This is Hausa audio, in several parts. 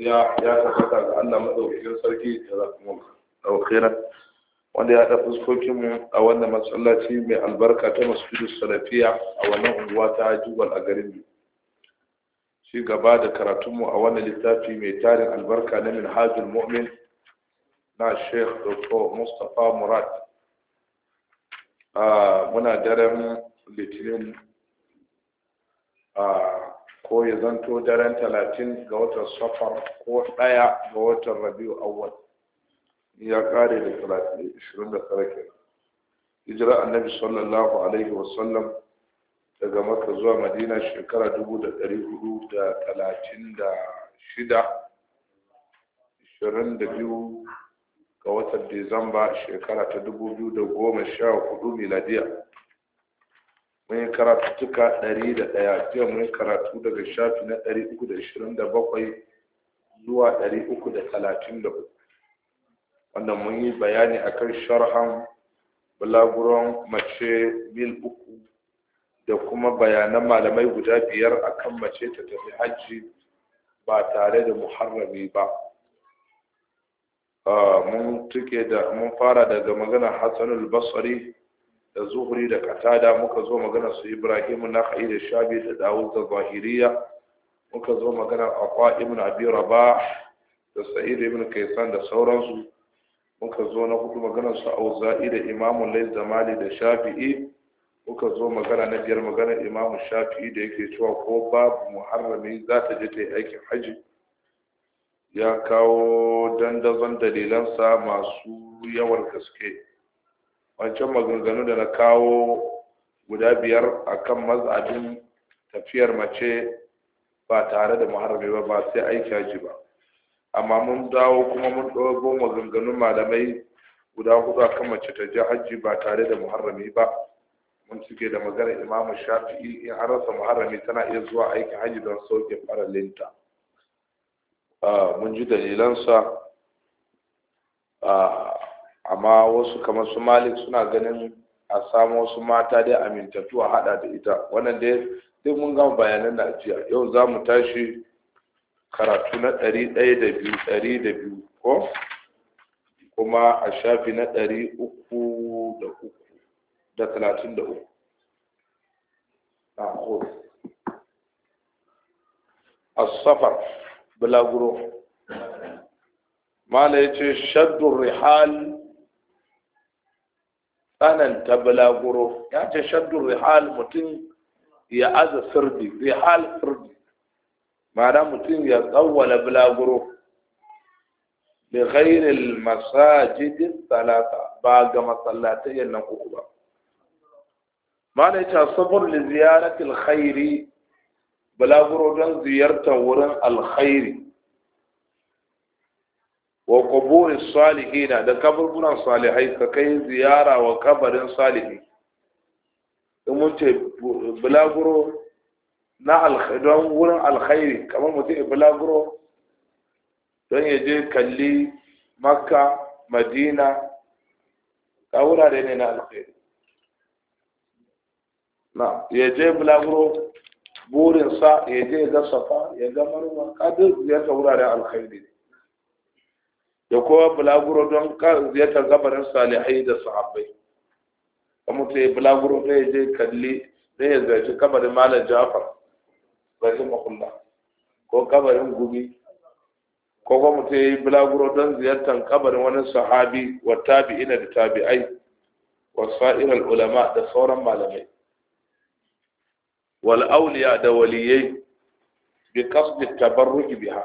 ya ya tabbata ga Allah madaukakin sarki da zakumul alkhaira wanda ya tafi sokin mu a wannan masallaci mai albarka ta masjidu salafiya a wannan unguwa ta Jubal a garin shi gaba da karatunmu a wannan littafi mai tarin albarka na min Minhajul Mu'min na Sheikh Dr. Mustapha Murad ah, muna daren litinin a ah, ko ya zanto daren talatin ga watan safar ko ɗaya ga watan rabiu awwal ya ƙare da ishirin da tara kenan hijira annabi sallallahu alaihi wasallam daga maka zuwa madina shekara dubu da ɗari hudu da talatin da shida ishirin da biyu ga watan disamba shekara ta dubu biyu da goma sha hudu miladiya mun yi karatu tuka ɗari da ɗaya jiya mun yi karatu daga shafi na ɗari uku da ishirin da bakwai zuwa ɗari uku da talatin da uku wanda mun yi bayani a kan sharhan bulaguron mace mil uku da kuma bayanan malamai guda biyar a kan mace ta tafi hajji ba tare da muharrami ba ah, mun mun fara daga maganar hassanul basari da zuhuri da katada muka zo magana su ibrahim na da shabi da dawud da zahiriya muka zo magana akwa ibn abi rabah da sa'id ibn kaisan da sauransu muka zo na hudu magana su auza'i da imamu lais da mali da shafi'i muka zo magana na biyar magana imamu shafi'i da yake cewa ko babu muharrami za ta je ta yi aikin hajji ya kawo dandazon dalilansa masu yawar gaske wancan maganganu da na kawo guda biyar akan mazabin tafiyar mace ba tare da maharbi ba ba sai aiki haji ba amma mun dawo kuma mun ɗago maganganun malamai guda hudu akan mace ta je haji ba tare da muharrami ba mun cike da maganar imamu shafi'i in an rasa muharrami tana iya zuwa aiki haji don sauke faralinta ah, mun ji dalilansa ah, amma wasu kamar su malik suna ganin a samu wasu mata dai amintattu a hada da ita wannan dai duk mun gama bayanan da ajiya yau za mu tashi karatu na ɗari ɗaya da biyu ɗari da biyu ko kuma a shafi na ɗari uku da uku da talatin da uku na hudu asafar bulaguro mala ya ce shaddun rihal tsananta bulaguro ya ce shaddun rihal mutum ya aza sirdi rihal sirdi ma'ana mutum ya tsawwala bulaguro bi ghairil masajidi salata ba ga masallatai yannan uku ba ma'ana ya ce li ziyaratil khairi bulaguro don ziyartar wurin alkhairi wa kuburi salihina da kaburburan salihai ka kai ziyara wa kabarin salihi in mun ce bulaguro na don wurin alkhairi kamar mutum bulaguro don ya je kalli makka madina ka wurare ne na alkhairi na ya je bulaguro burinsa ya je ga safa ya ga marwa kadin ziyarta wurare alkhairi da kowa bulaguro don ziyartar gabarin salihai da sahabbai ka mutu ya bulaguro da ya je kalli da ya ziyarci kabarin malam jafar rahimahullah ko kabarin gumi ko kuma mutu ya yi bulaguro don ziyartar kabarin wani sahabi wa tabi'ina da tabi'ai wa sa'irar ulama da sauran malamai wal auliya da waliyai bi kasbi tabarruki biha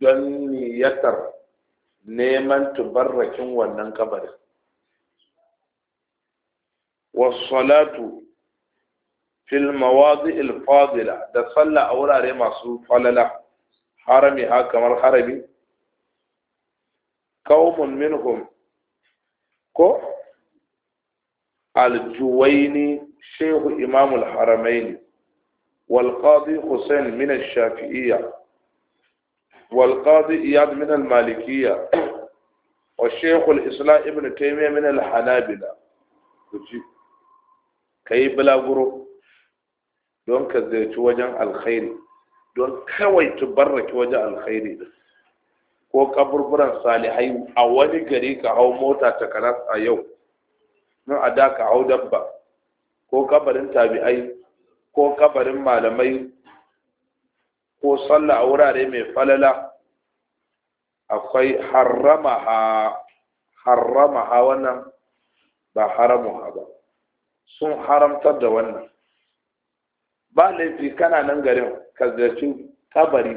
don niyatar neman tubarrakin wannan kabarin wasalatu fil mawadi alfadila da sallah a wurare masu falala harami ha kamar harami qaumun minhum ko aljuwaini shehu imamul haramaini ne. qadi husain min shafiiyya والقاضي اياد من المالكية والشيخ الإسلام ابن تيمية من الحنابلة كي بلا غرو دون كذلك وجن الخير don kawai تبرك waje الخير din ko kaburburan salihai a wani gari ka hau mota ta a yau nan a da ka hau dabba ko kabarin tabi'ai ko kabarin malamai ko sallah a wurare mai falala akwai harama ha wannan ba haramuha ba sun haramtar da wannan ba laifi kana nan garin ka ziyarci kabari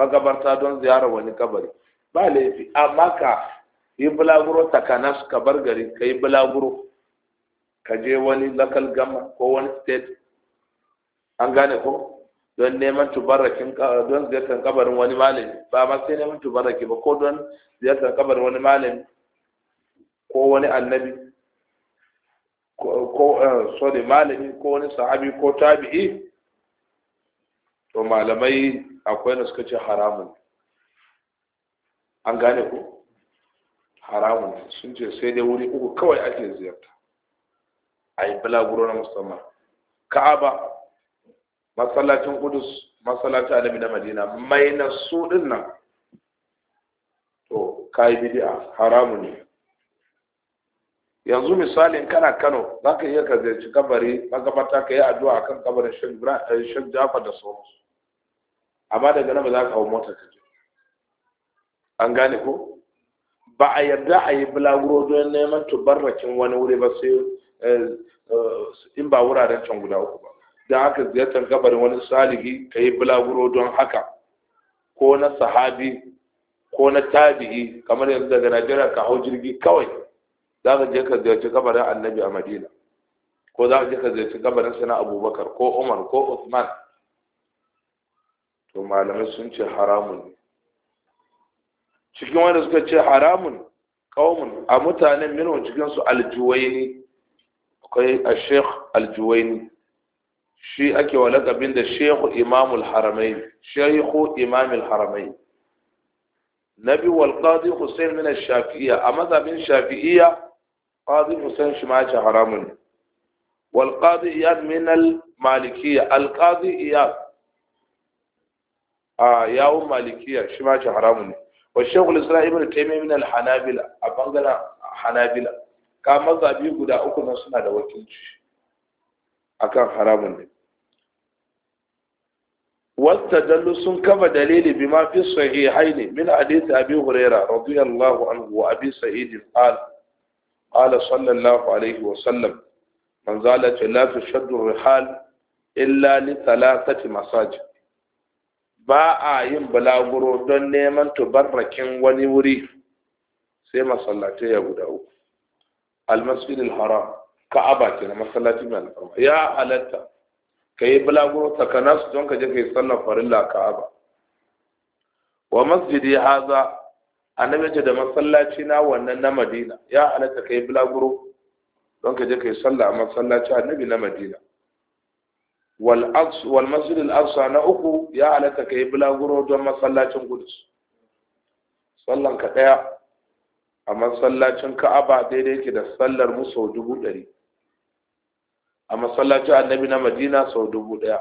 magabarta don ziyarar wani kabari ba laifi amma ka yi bulaguro takanas ka bar gari ka yi bulaguro ka je wani local gama ko wani state an gane ko don neman tubarakin don ziyartar kabarin wani malami ba ma sai neman tubaraki ba ko don ziyartar kabarin wani malami ko wani annabi ko eh, sorry malami ko wani sahabi ko tabi'i to malamai akwai da suka ce haramun an gane ku haramun sun ce sai dai wuri uku kawai ake ziyarta a yi balaguro na musamman ka'aba masallacin kudus masallacin alamin na madina mai na su din nan to kayi bid'a haramu ne yanzu misalin kana kano za ka iya ka zai kabari magabata ka yi addu'a akan kabarin shan eh, jafar da sauransu amma daga nan ba za ka hau mota ka je an gane ko ba a yarda a yi bulaguro don neman tubarrakin wani wuri ba sai eh, eh, in ba wuraren can guda uku ba da haka ziyartar kabarin wani salihi ka yi bulaguro don haka ko na sahabi ko na tabi'i kamar yanzu daga najeriya ka hau jirgi kawai za ka je ka ziyarci kabarin annabi a madina ko za ka je ka ziyarci kabarin sana abubakar ko umar ko usman to malamai sun ce haramun ne cikin wanda suka ce haramun kawamun a mutanen minwa cikinsu ne akwai a sheikh ne shi ake wa lakabin da shehu imamul haramai shehu imamul haramai nabi wal qadi husain min ash-shafi'iyya a mazhabin shafi'iyya qadi husain shi ma ya haramun wal qadi iyad min al malikiyya al qadi iyad a yawun malikiyya shi ma ya haramun wa shehu al-islam ibn taymiyyah min al hanabila a bangaren hanabila ka mazhabi guda uku nan suna da wakilci akan haramun ne Wata dallu sun kafa dalili bi ma fi sahihaini min hadisi abi huraira radiyallahu anhu wa abi sa'id al qala sallallahu alaihi wa sallam man zala la tushaddu rihal illa li thalathati masajid ba a yin balaguro don neman tubarrakin wani wuri sai masallatai ya guda uku almasjidil haram ka'aba kenan masallaci mai alfarma ya halatta ka yi bulaguro takanas don ka je ka yi sallar farilla ka'aba wa masjidi haza annabi ce da masallaci na wannan na madina ya halatta ka yi bulaguro don ka je ka yi sallah a masallaci annabi na madina wal aqsa masjid al aqsa na uku ya halatta ka yi bulaguro don masallacin gudus sallan ka daya a masallacin ka'aba daidai yake da sallar musu dubu ɗari a masallacin annabi na madina sau dubu ɗaya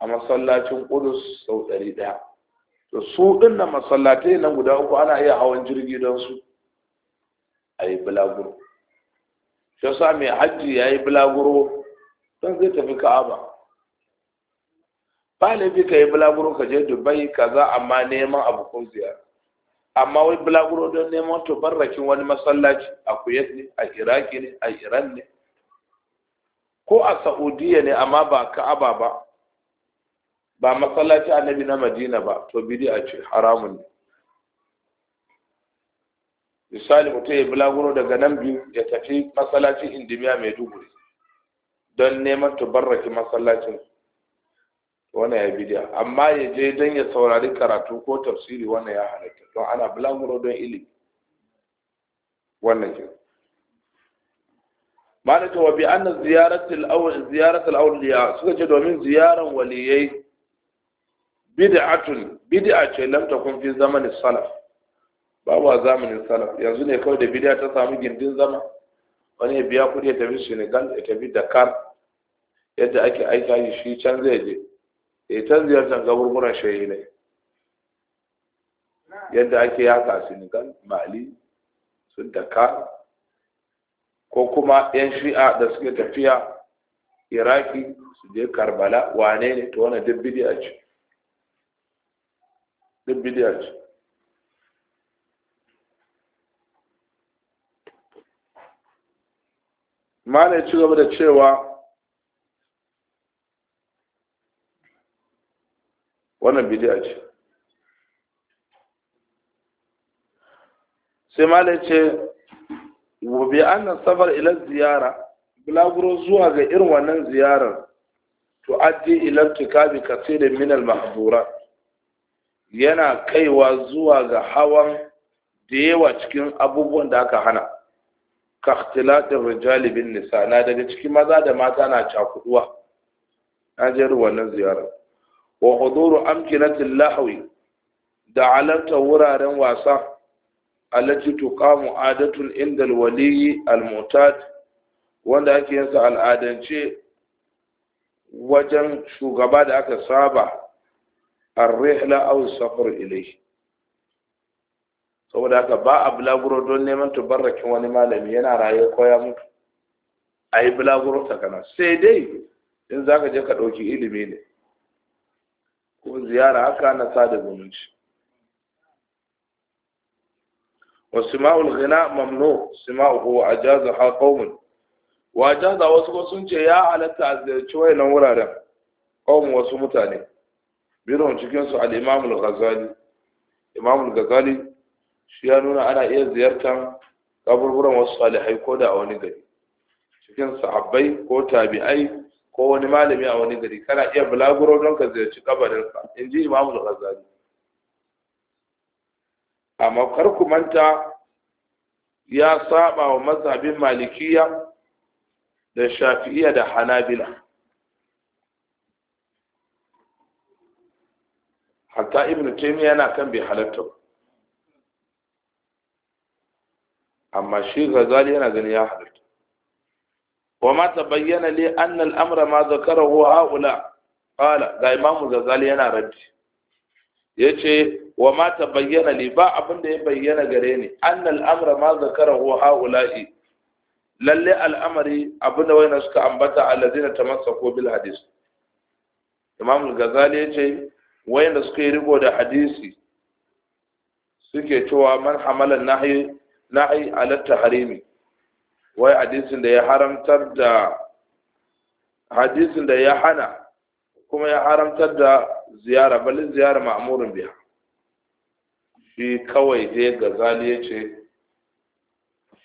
a masallacin kudus sau ɗari ɗaya to su ɗin na masallatai na guda uku ana iya hawan jirgi don su a yi bulaguro shi yasa mai hajji ya yi bulaguro don zai tafi ka'aba ba laifi ka yi bulaguro ka je dubai kaza amma neman abu kun ziyara amma wai bulaguro don neman tubarrakin wani masallaci a kuyet ne a iraki ne a iran ne ko a Sa'udiyya ne amma ba ka'aba ba ba masallaci annabi na madina ba to bid'a ce haramun ne misali mutum ya bulaguro daga nan biyu ya tafi masallacin indimiya mai duguri don neman tubarraki masallacin wannan ya bidiya amma ya je don ya saurari karatu ko tafsiri wannan ya halatta don ana bulaguro don ilimi wannan kenan ma'ana wa bi anna ziyaratul suka ce domin ziyaran waliyai bid'atun bid'a ce lam takun fi zamanin salaf babu a zamanin salaf yanzu ne kawai da bid'a ta samu gindin zama wani ya biya kudi ya tafi Senegal ya tafi Dakar yadda ake aika shi can zai je ya eh, ta ziyartar gaburburan ne. yadda ake yaka Senegal Mali su Dakar ko kuma yan shi'a da suke tafiya iraki su je karbala wane ne to wani duk bidiya ce duk bidiya ce ci gaba da cewa wannan bidiyar ce sai malai ce wa bi anna safar ila ziyara bulaguro zuwa ga irin wannan ziyarar to addi ila tikabi kasirin min al mahdura yana kaiwa zuwa ga hawan da yawa cikin abubuwan da aka hana ka ikhtilati rijali bin nisa na daga cikin maza da mata na cakuduwa na je wannan ziyarar wa huduru amkinatil lahwi da alanta wuraren wasa allati tuqamu adatun inda al-wali wanda ake yin sa al'adance wajen shugaba da aka saba ar-rihla aw safar saboda haka ba a bulaguro don neman tubarrakin wani malami yana raye koya mutu a yi bulaguro takana, sai dai in za ka je ka ɗauki ilimi ne ko ziyara haka na sada zumunci وسماع الغناء ممنوع سماعه أجازها قوم وأجاز وسكو سنجي يا على تعزيز شوي نورا رم قوم متاني بيرون cikinsu al-imam al-ghazali imam al-ghazali shi ya nuna ana iya ziyartar kaburburan wasu salihai ko da a wani gari cikin sahabbai ko tabi'ai ko wani malami a wani gari kana iya bulaguro don ka ziyarci kabarinsa in ji imam al-ghazali amma karkumanta ya saba wa mazhabin malikiya da shafi'iyya da hanabila hatta ibn taymiya yana kan bai halatta amma shi ghazali yana gani ya halatta وما li لي أن الأمر ما ذكره haula qala ga imamu ghazali yana raddi yace wa ma tabayyana li ba abin da ya bayyana gare ni annal amra ma zakarahu haula'i lalle al'amari abin da wayna suka ambata alladina tamassaku bil hadis imam al-ghazali yace wayanda suka yi riko da hadisi suke cewa man hamala nahyi nahyi ala tahrimi wai hadisin da ya haramtar da hadisin da ya hana kuma ya haramtar da ziyara balin ziyara ma'amurin biya shi kawai dai gazali ya ce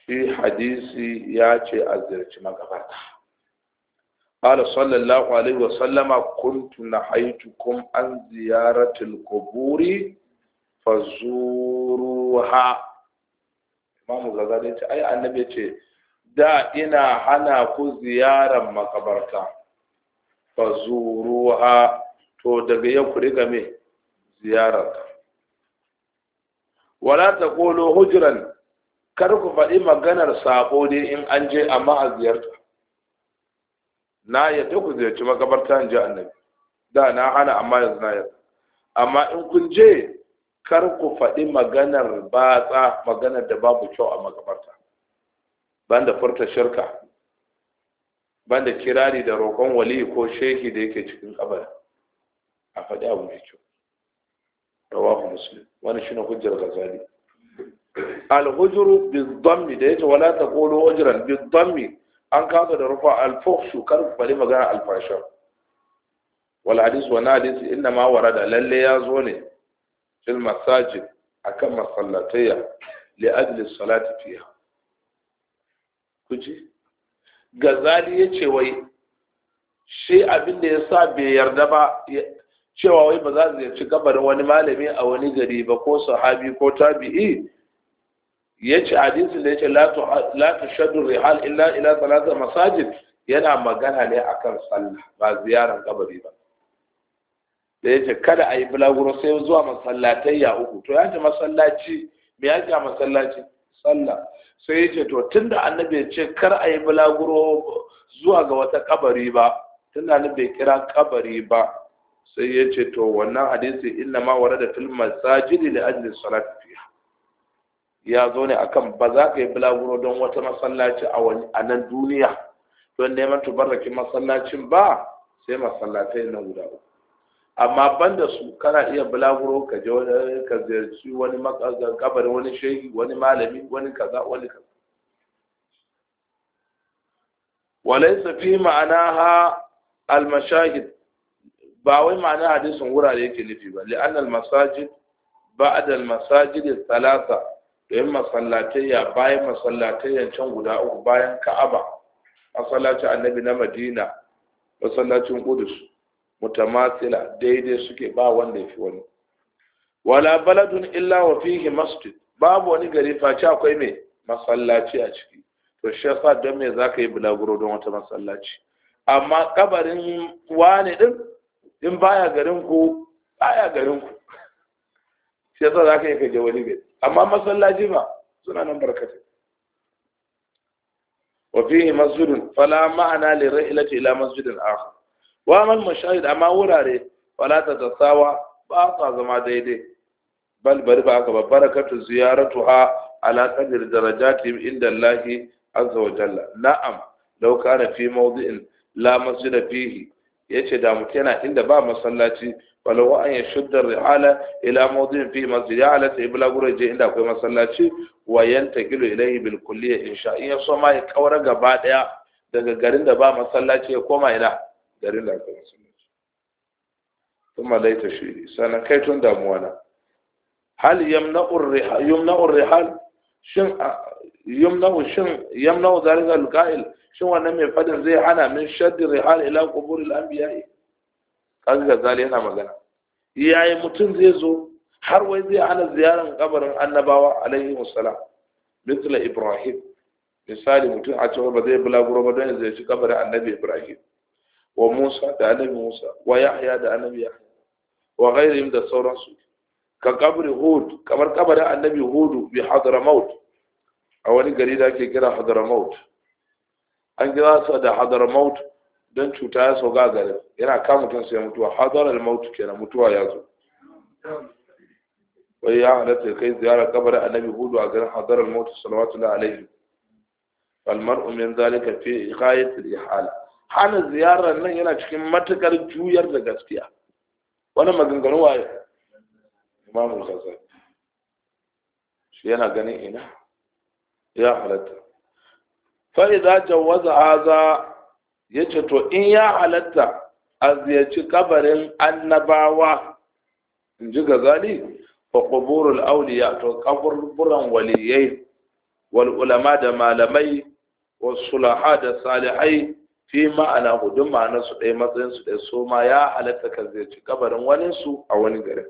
shi hadisi ya ce a ziyarci magabata Sallama kun tuna عليه وسلم an نحيتكم عن زيارة القبور mamu Gazali ya ce ai annabi ce da ina hana ku ziyarar makabarta fazuruha to daga yau ku riga me ziyararta. wala ta kolo hujiran kar ku faɗi maganar sabo dai in an je amma a ziyarta na yadda ku ziyarci makabarta in ji annabi da na hana amma yanzu na yadda amma in kun je kar ku faɗi maganar batsa maganar da babu kyau a makabarta banda furta shirka banda kirari da roƙon wali ko shehi da yake cikin kabari a faɗi abu mai kyau rawahu muslim wani shine hujjar da yace wala taqulu hujran bi-dhammi an kaga da rufa al-fuhshu kar bari magana al-fasha wal hadith wa hadith inna ma warada lalle ya zo ne fil masajid akan yace wai shi abin da yasa bai yarda ba cewa wai ba za su ziyarci kabarin wani malami a wani gari ba ko sahabi ko tabi'i ya ce hadisin da ya ce la tushaddu rihal illa ila salasa masajid yana magana ne akan sallah ba ziyarar kabari ba da ya ce kada a yi bulaguro sai zuwa masallatai ya uku to ya ce masallaci me ya ce a masallaci sallah sai ya ce to tunda annabi ya ce kar a yi bulaguro zuwa ga wata kabari ba tunda annabi bai kira kabari ba sai ya ce to wannan hadisi inna ma da filma masajidi da ajiyar salati fiya ya zo ne akan ba za ka yi bulaguro don wata masallaci a nan duniya don neman tubarrakin masallacin ba sai masallatai na guda uku amma banda su kana iya bulaguro ka je wani ka ziyarci wani kabarin wani shehi wani malami wani kaza wani kaza walaisa fi ma'ana ha mashahid ba wai ma'ana hadisin wurare yake nufi ba li'annal masajid ba'da al-masajid thalatha domin masallatayya bayan masallatayyan can guda uku bayan ka'aba masallacin annabi na madina masallacin kudus mutamatsila daidai suke ba wanda ya wani wala baladun illa wa fihi masjid babu wani gari face akwai mai masallaci a ciki to shi yasa don me zaka yi bulaguro don wata masallaci amma kabarin wani din in baya garin ku baya garin ku shi yasa za ka yi kaje wani bai amma masallaci ba suna nan barkatai wa fihi masjidun fala ma'ana li ra'ilati ila masjidin akhar wa mal mashahid amma wurare Wala ta tasawa ba sa zama daidai bal bari ba ka barakatu ziyaratuha ala qadri darajati inda Allah azza wa jalla na'am law kana fi mawdi'in la masjida fihi ya ce da mutum yana inda ba masallaci walau an ya shuddar ri'ala ila mawdin fi masjid ya halatta ibla gurin je inda akwai masallaci wa yantakilu ilayhi bil kulliya insha in ya so ma ya kaura gaba daya daga garin da ba masallaci ya koma ina garin da akwai masallaci kuma laita shi sannan kai tun damuwa na hal yamna'ur yamna'u rihal shin yumnahu shin yamnahu zalika alqa'il shin wannan mai fadin zai hana min shaddi rihal ila qubur al-anbiya kaga gazali yana magana yayi mutum zai zo har wai zai hana ziyaran kabarin annabawa alaihi wassalam mithla ibrahim misali mutum a cewa ba zai bulaguro ba don zai ci kabarin annabi ibrahim wa musa da annabi musa wa yahya da annabi yahya wa ghairihim da sauransu ka kabri hud kamar kabarin annabi hudu bi hadramaut a wani gari da ake kira hadramaut an kira su da hadramaut don cuta ya sauka a garin yana kamutan su ya mutuwa hadarar mautu kenan mutuwa ya zo wai ya halatta kai ziyara kabarin annabi hudu a garin hadarar salawatu salawatullahi alaihi falmar umin zalika fi iqayatil ihala hana ziyarar nan yana cikin matukar juyar da gaskiya wani maganganu waye imamul ghazali shi yana ganin ina ya halatta idza jawaza aza ya ce to in ya halatta a ziyarci kabarin annabawa in ji gazali fa quburul awliya to kaburburan waliyai wal ulama da malamai was sulaha da salihai fi ma'ana hudun ma'ana su ɗaya matsayin su ɗaya so ma ya halatta ka ziyarci kabarin wani su a wani gari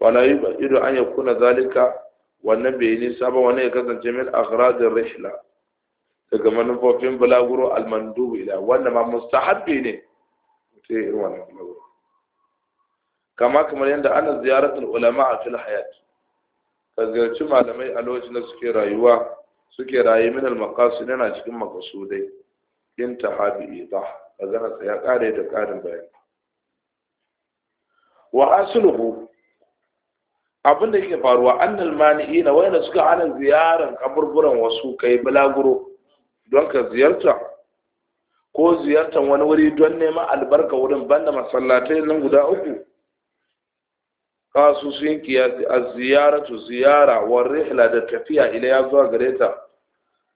wala yi ba ido an yakuna zalika wannan bai nisa ba wani ya kasance min akhrajir rihla daga manufofin bulaguro almandubu ila wannan ma mustahabbi ne mutum irin wannan bulaguro kama kamar yadda ana ziyaratar ulama a fil hayat ka ziyarci malamai a lokacin da suke rayuwa suke rayu min al yana cikin maqasudai intaha bi idah magana ya kare da karin bayani wa asluhu abinda yake faruwa annal mani'ina wayanda suka hana ziyaran kaburburan wasu kai balaguro don ka ziyarta ko ziyartar wani wuri don neman albarka wurin banda masallatai nan guda uku kasu sun kiyasi a ziyaratu ziyara wa rihla da tafiya ila ya zuwa gare ta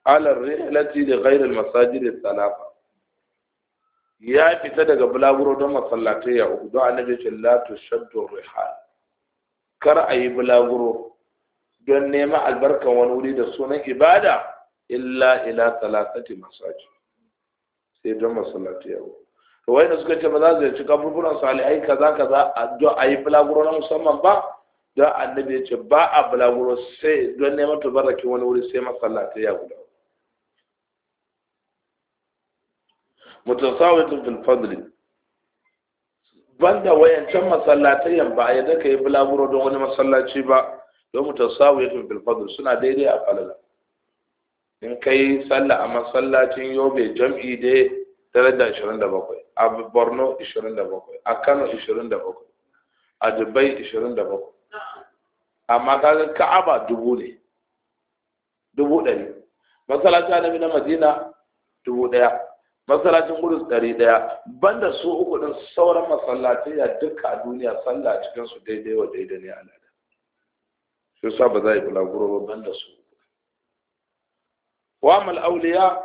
ala rihlati da ghairil masajid salafa ya fita daga bulaguro don masallatai ya uku don annabi ce la tushaddu rihal kar a yi bulaguro don nema albarkan wani wuri da sunan ibada illa ila talatati masaji sai don masalati yau to wai da suka ce ba za su ci kaburburan ai kaza kaza a do a yi bulaguro na musamman ba don annabi ya ce ba a bulaguro sai don neman barakin wani wuri sai masalati ya guda mutasawitun fil fadli banda wayancan masallatai ba ya daka yi bulaguro don wani masallaci ba don mutum sawu ya tumfil fadl suna daidai a falala in ka yi sallah a masallacin yobe jam'i dai 27 a borno 27 a kano 27 a dubai 27 amma kaga ka'aba dubu ne dubu ɗari masallaci na madina dubu ɗaya masallacin gudun ɗari ɗaya banda su uku ɗin sauran masallaci ya duka a duniya sallah a cikin su daidai wa daidai ne a lada shi sa ba za a yi bulaguro ba banda su uku wa mal auliya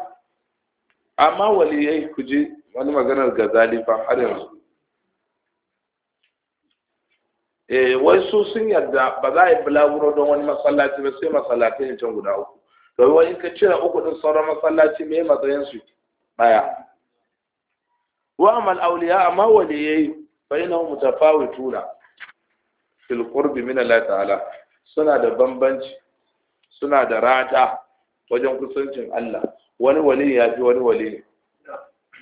amma waliyai ku ji wani maganar gazali ba har yanzu eh wai su sun yarda ba za a yi bulaguro don wani masallaci ba sai masallacin ne can guda uku To wai in ka cire uku ɗin sauran masallaci me matsayin su daya wa amal awliya amma waliyai bainahum mutafawituna fil qurb min Allah ta'ala suna da bambanci suna da rata wajen kusancin Allah wani wali ya fi wani wali ne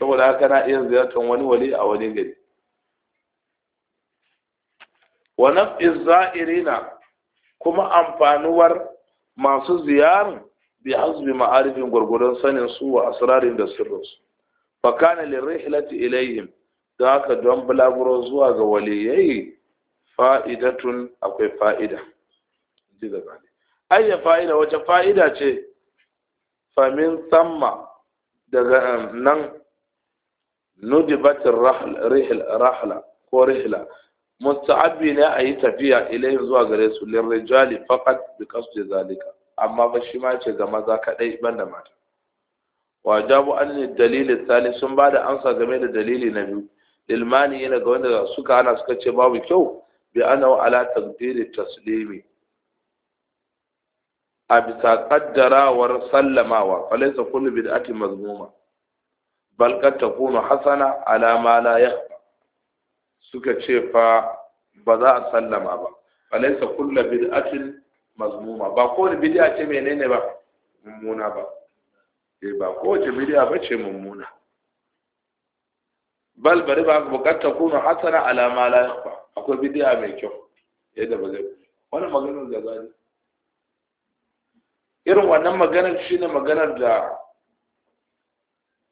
saboda haka na iya ziyartar wani wali a wani gari wa naf'iz za'irina kuma amfanuwar masu ziyarar bi hasbi ma'arifin gwargwadon sanin su wa asrarin da sirrinsu fa kana lirihlati ilayhim da haka don bulaguro zuwa ga waliyai fa'idatun akwai fa'ida ji zane ayya fa'ida wace fa'ida ce famin tamma daga nan nudibatin rahla ko rihla musta'abi ne a yi tafiya ilayhim zuwa gare su lirrijali faqat bi qasdi zalika amma ba shi ma ce ga maza kaɗai ban da mata wa jabu an dalili tsali sun ba da amsa game da dalili na biyu ilmani yana ga wanda suka hana suka ce babu kyau bi ana ala taqdiri taslimi a bisa kaddarawar sallamawa falaisa kullu bid'ati mazmuma bal kad takunu hasana ala ma la suka ce fa ba za a sallama ba falaisa kullu bid'atin mazmuma ba kowane bidiya ce menene ba mummuna ba e ba kowace bidiya ba ce mummuna bal bari ba bukatar kuna hasara alama la yakfa akwai bidiya mai kyau yadda ba zai wani maganar da zai irin wannan maganar shi ne maganar da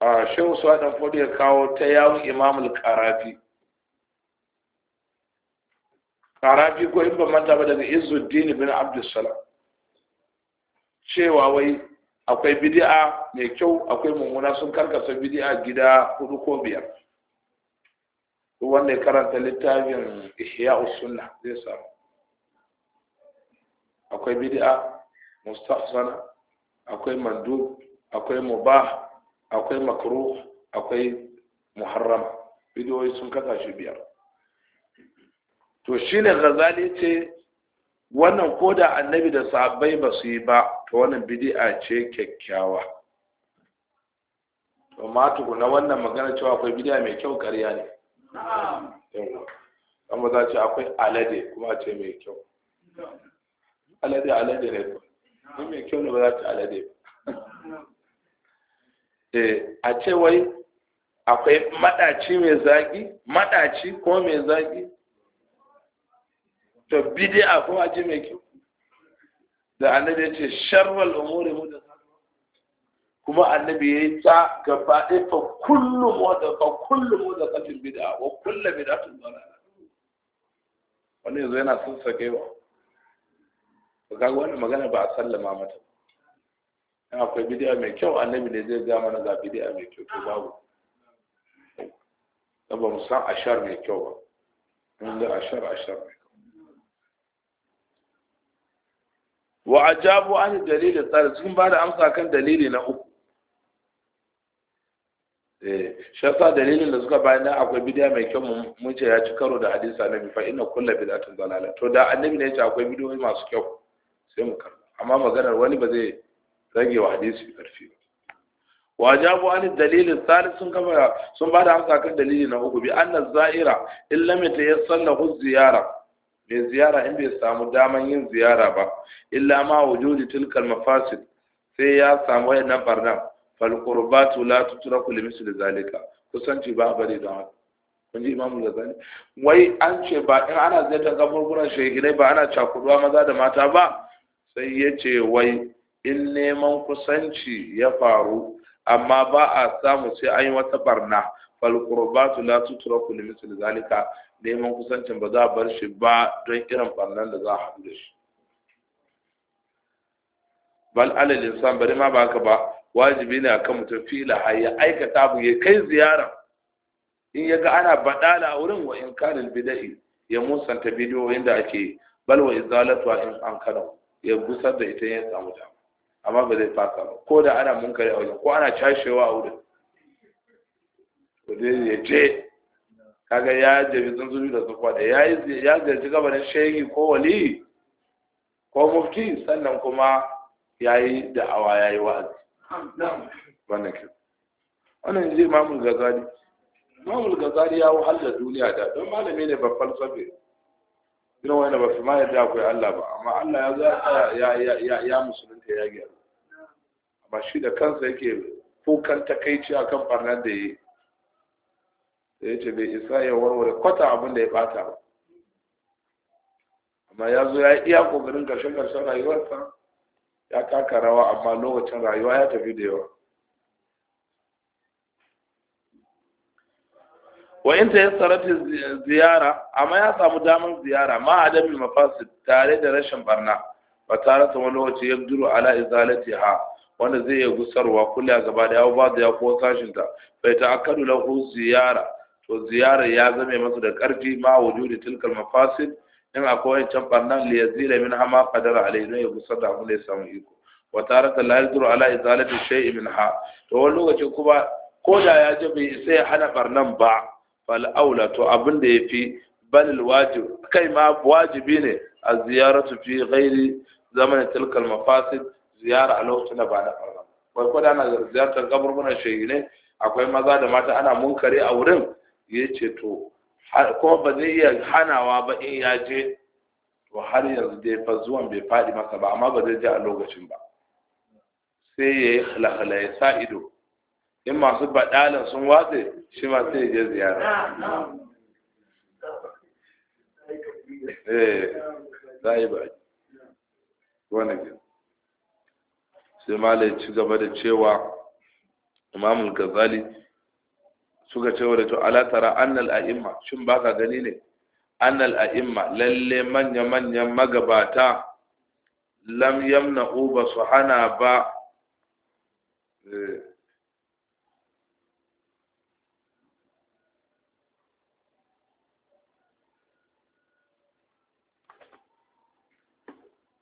a shehu suwa ɗan ya kawo ta yawun imamul karafi karafi ko in ban manta ba daga izuddin bin abdussalam cewa wai akwai bid'a mai kyau akwai mumuna sun karkasa bid'a gida hudu ko biyar wanda ya karanta littafin ihya sunna zai samu akwai bid'a mustahsana akwai mandub akwai mubah akwai makruh akwai muharram bidiyoyi sun kasa shi biyar to shi ne gazali ce wannan ko da annabi da sabai ba su yi ba to wannan bidi'a ce kyakkyawa to ma na wannan magana cewa akwai bidi'a mai kyau ƙarya ne ba za ce akwai alade kuma ce mai kyau alade alade ne ba mai kyau ne ba za ce alade ba eh, a ce wai akwai maɗaci mai zaƙi maɗaci ko mai zaƙi to bid'a kuma ji mai kyau da annabi ya ce sharral umuri mudassatuha kuma annabi ya yi ta gaba ɗaya fa kullu da fa kullu kafin bid'a wa kullu bid'atin dalala wannan yanzu yana sun sakewa ba kaga wannan magana ba a sallama mata in akwai bidiya mai kyau annabi ne zai ga mana ga bidiya mai kyau to babu dan ba mu san ashar mai kyau ba mun ga ashar ashar mai wa ajabu an dalili tsari sun ba da amsa kan dalili na uku eh shafa dalilin da suka bayan akwai bidiya mai kyau mun ce ya ci karo da hadisi annabi fa inna kullu bid'atin dalala to da annabi ne ya ce akwai bidiyoyi masu kyau sai mu karba amma maganar wani ba zai rage wa hadisi karfi ba wa ajabu an dalil tsari sun kama sun ba da amsa kan dalili na uku bi annaz zaira in lam yatayassal lahu ziyara mai ziyara in bai samu daman yin ziyara ba illa ma wujudi tilkal mafasid sai ya samu wayannan barnan fal qurbatu la tutraku li misli zalika kusanci ba bari da kun ji imamu zani wai an ce ba in ana ziyartar kaburburan shehidai ba ana cakuduwa maza da mata ba sai ya ce wai in neman kusanci ya faru amma ba a samu sai an yi wata barna fal qurbatu la tutraku li misli zalika neman kusancin ba za a bar shi ba don irin barnan da za a haɗu da shi bal alal insan bari ma ba haka ba wajibi ne kan mutum fila har ya aikata mu ya kai ziyara in ya ga ana baɗala a wurin wa in kanin bidai ya musanta bidiyo inda ake bal wa izalatu in an kana ya gusar da ita ya samu ta amma ba zai fasa ba ko da ana munkari a wajen ko ana cashewa a wurin ko dai ya je kaga ya jabi tsuntsu da zuwa da ya yi ya gaji gabanin shehi ko wali ko mufti sannan kuma ya yi da'awa ya yi wa'azi wannan ke wannan zai mamul gazali mamul gazali ya wahala duniya da don malami ne ba falsafe irin wani ba su ma yadda akwai Allah ba amma Allah ya za ya ya ya musulunta ya gyara amma shi da kansa yake kukan takaici akan barnar da yi da ya ce bai isa ya warware kwata abin da ya bata ba amma ya zo ya yi iya kogarin karshen karshen rayuwarsa ya taka rawa amma lokacin rayuwa ya tafi da yawa wa in ta ziyara amma ya samu damar ziyara ma dami mafasi tare da rashin barna ba tare da wani wace ya duru ala izalati ha wanda zai iya gusarwa kulla gaba da ya ba da ya ko sashinta, bai ta akadu lahu ziyara to ziyarar ya zame masu da karfi ma wujudi tilkal mafasid in akwai wancan bannan li yazila min hama qadara alayhi ne ya da abin da samu iko wa taraka la yadru ala izalati shay'in minha to wani lokaci kuma ko da ya je bai sai ya hana barnan ba fal aula to abin da yafi bal wajib kai ma wajibi ne a ziyaratu fi ghairi zaman tilkal mafasid ziyara a lokacin da ba na farma wai ko da ana ziyartar kaburbunan shehine akwai maza da mata ana munkare a wurin ya ce to kuma ba zai iya hanawa ba in ya je to har yanzu dai fa zuwan bai faɗi masa ba amma ba zai je a lokacin ba sai ya yi halahala ya sa ido in masu baɗalan sun watse shi ma sai ya je ziyara eh za yi sai ci gaba da cewa imamul gazali suka ce wa to ala tara annal a'imma shin ka gani ne annal a'imma lalle manya manyan magabata lam yamna ba su hana ba eh.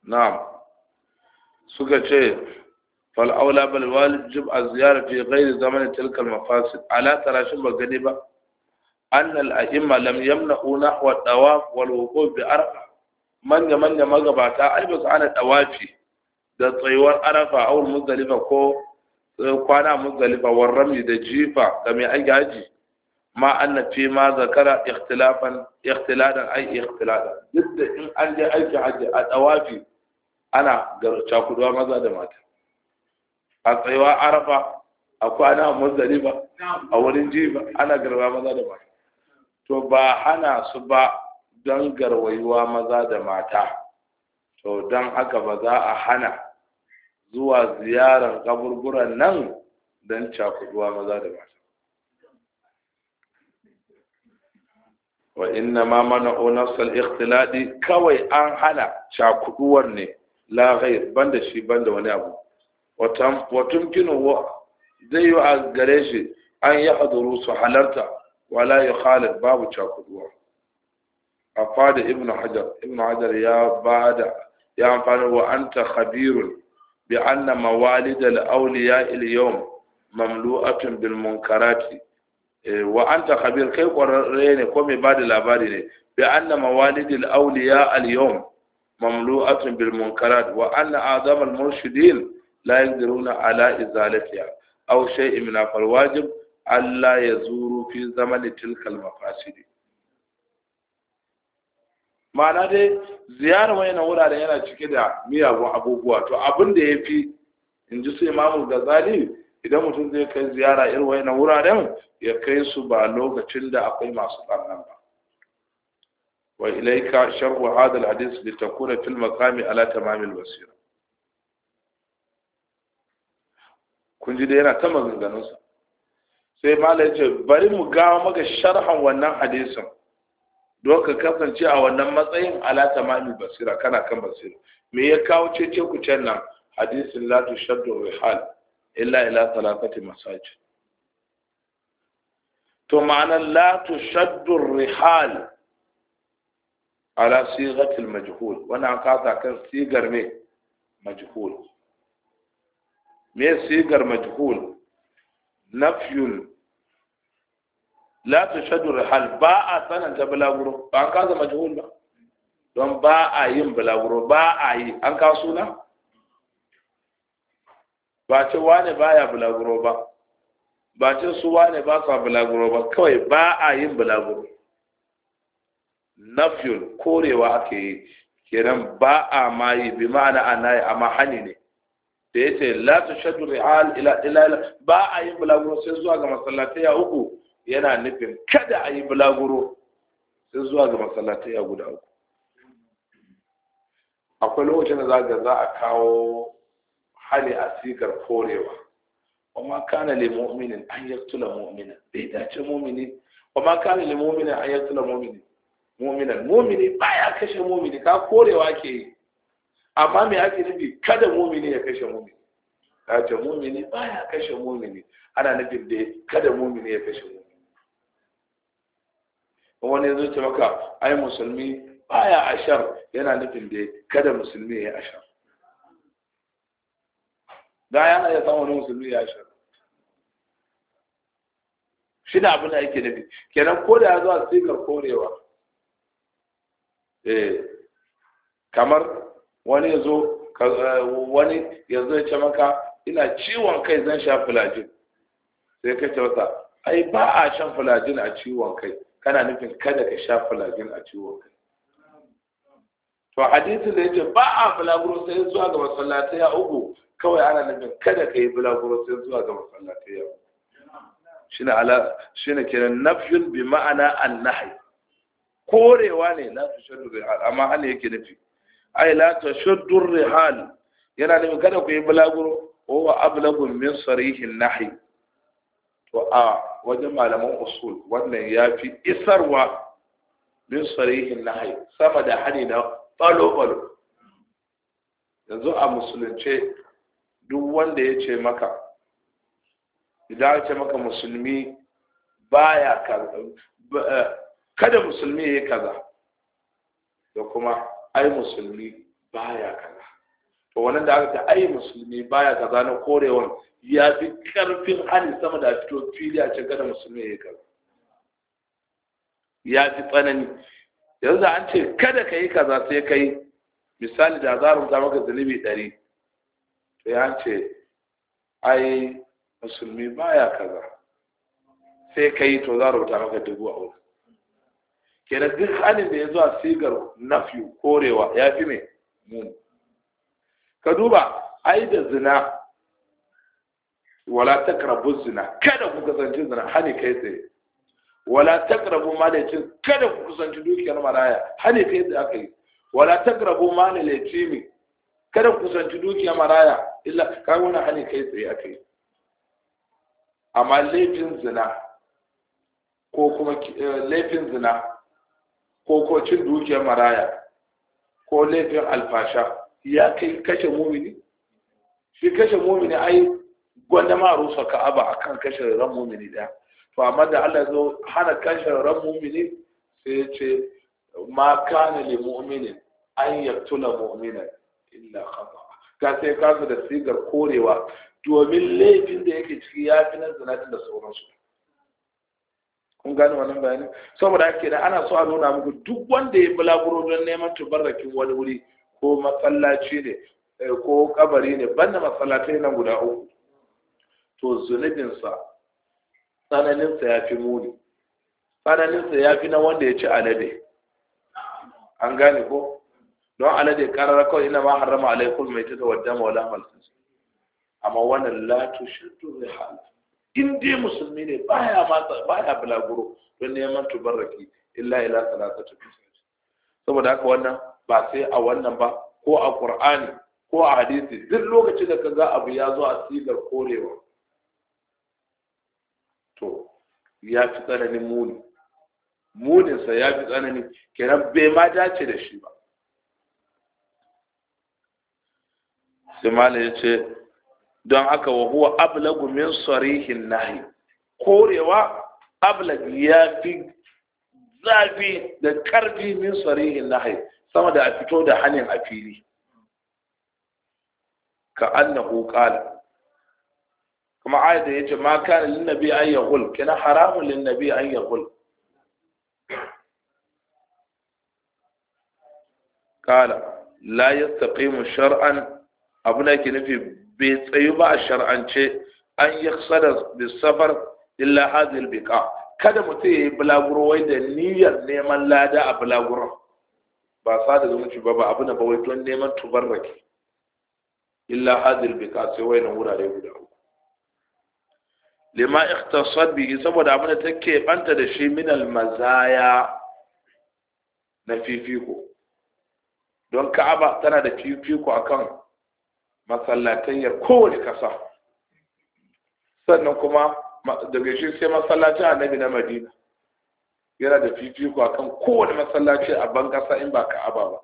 na'am suka ce فالأولى بل واجب الزيارة في غير زمن تلك المفاسد ألا ترى شبه قديبة أن الأئمة لم يمنعوا نحو الطواف والوقوف بأرقى من من مغباتا أي بس أنا طوافي da tsayuwar arafa a wurin muzdalifa ko kwana muzdalifa warrami da jifa ga mai aiki haji ma anna fi ma zakara ikhtilafan ikhtiladan ai ikhtiladan duk da in an je aiki haji a tawafi ana garcha kuduwa maza da mata a tsayuwa arafa a kwana ba a wurin jiba ana garba maza da mata to ba hana su ba don garwayuwa maza da mata to don haka ba za a hana zuwa ziyarar kaburburan nan don cakuduwa maza da mata wa inna ma mana onarsal ikhtiladi kawai an hana cakuduwar ne la banda shi banda wani abu وتم وتمكنه ذي عقليش أن يحضر صحلرته ولا يخالف باب شاكدوه أفاد ابن حجر ابن حجر يا بعد يا أنفان وأنت خبير بأن موالد الأولياء اليوم مملوءة بالمنكرات إيه، وأنت خبير كيف ورأيني كم بعد لا الأبارين بأن موالد الأولياء اليوم مملوءة بالمنكرات وأن أعظم المرشدين la yaqdiruna ala izalatiha aw shay'in min al wajib alla yazuru fi zamani tilka al ma'ana dai ziyarar wani wuraren yana cike da miyagun abubuwa to abin da ya fi in ji su imamu gazali idan mutum zai kai ziyara irin wani wuraren ya kai su ba lokacin da akwai masu ɓarnan ba wa ilaika sharhu hadal hadis litakuna fil maqami ala tamamil basira kun ji da yana ta maganganunsa sai malai ce bari mu gawo maka sharhan wannan hadisin don ka kasance a wannan matsayin ala tamami basira kana kan basira me ya kawo cece ku can nan hadisin la shaddu rihal illa ila talafati masaji to ma'ana la shaddu rihal ala sigatil majhul wannan ka ta kan sigar me majhul me sigar majhul nafyun la tushaddu hal ba'a a tsananta bulaguro ba an kaza majhul ba don ba a yin balaguro ba a yi an ka suna ba ce wane baya balaguro ba ba ce su wane ba sa balaguro ba kawai ba a yin bulaguro nafyun korewa ake yi kenan ba a mayi yi bi ma'ana ana amma hani ne da ya ce lati ta shaddu ri'al ila ila ba a yi bulaguro sai zuwa ga masallataya uku yana nufin kada a yi bulaguro sai zuwa ga masallataya guda uku akwai lokacin da za za a kawo hali a sigar korewa amma kana le mu'minin an yaktula mu'mina bai dace mu'mini amma kana le mu'minin an yaktula mu'mini mu'minin mu'mini baya kashe mu'mini ka korewa ke yi amma me ake nufi kada mumini ya kashe mumini ce mumini ya kashe mumini ana nufin da kada mumini ya kashe mumini wani ya zuce maka ai musulmi ba ya ashar yana nufin da kada musulmi ya ashar da yana ya samu wani musulmi ya ashar shi da abin da ake nufi kenan ko da ya zuwa sikar korewa eh, kamar wani ya zo wani ya zo ce maka ina ciwon kai zan sha filajin sai ka ce masa ai ba a shan filajin a ciwon kai kana nufin kada ka sha filajin a ciwon kai to hadisi da yake ba a bulaguro sai zuwa ga masallatai ya uku kawai ana nufin kada ka yi bulaguro sai zuwa ga masallatai ya uku shine ala shine kenan nafyun bi ma'ana annahi korewa ne na fi shaddu amma hana yake nufi ay la tashuddu rihal yana nufin kada ku yi bulaguro wa ablagu min sarihin nahi to a wajen malaman usul wannan ya fi isarwa min sarihin nahi sama da hani na falo falo yanzu a musulunce duk wanda ya ce maka idan ya ce maka musulmi baya eh, kada musulmi ya yi kaza da kuma ai musulmi baya kaza to wannan da aka ce ai musulmi baya kaza na korewan ya fi karfin hali sama da fito fili a cikin kada musulmi ya kaza ya fi tsanani yanzu an ce kada ka yi kaza sai ka yi misali da za a rubuta maka zunubi ɗari to ya ce ai musulmi baya kaza sai ka yi to za a rubuta maka dubu a wuri kenan duk halin da ya zuwa sigar nafi korewa ya fi mai mu. ka duba ai da zina wala karabu zina kada ku kasance zina hali kai tsaye wala karabu malicin kada ku kusanci dukiyar maraya Hali kai tsaye aka yi wala takrabu ne kada ku kusanci dukiyar maraya illa kai wani kai tsaye aka yi amma laifin zina ko kuma eh, laifin zina ko ko dukiyar maraya ko laifin alfasha ya kai kashe mumini shi kashe mumini ai gwanda ma rusa ka'aba kan kashe ran mumini daya to amma da Allah zo hana kashe ran mumini sai ya ce ma kana li mumini an yaqtula mu'mina illa khata ka sai kasu da sigar korewa domin laifin da yake ciki ya fi nan zinatin da sauransu kun gane wannan bayanin saboda ake da ana so a nuna muku duk wanda ya bulaguro don neman tubarrakin wani wuri ko masallaci ne eh, ko kabari ne banda masallatai nan guda uku to zunubinsa tsananinsa ya fi muni tsananinsa ya fi na wanda ya ci alade an gane ko don alade karar kawai ina ma harama alaikul mai ta da wadda maula malfis amma wannan latushin shirtu zai in musulmi ne baya matsa baya bulaguro don neman tubarraki illa ila salatatu bisati saboda haka wannan ba sai a wannan ba ko a qur'ani ko a hadisi duk lokacin da kaga abu ya zo a sigar korewa to ya fi tsananin muni muninsa ya fi tsanani kenan bai ma dace da shi ba sai ya ce don haka wa huwa ablagu min sarihin nahi korewa ablag ya fi zafi da karfi min sarihin nahi sama da a fito da hannun a fili ka annahu qala kuma ayat da yace ma kana lin nabi an yaqul kana haramun lin nabi an yaqul qala la yastaqimu shar'an abuna ke nufi bai tsayu ba a shar'ance an yi sada da safar illa hazil bika kada mutum ya yi bulaguro wai da niyyar neman lada a bulaguron ba sada zumunci ba ba abu na ba wai don neman tubarraki illa hazil bika sai wai na wurare guda uku lima ikhtasar bihi saboda abin da take banta da shi minal mazaya na fifiko don ka'aba tana da fifiko akan masallatayyar kowane kasa sannan kuma daga shi sai masallacin annabi na madina yana da fifiko a kan kowane masallaci a ban kasa in ba ka'aba ba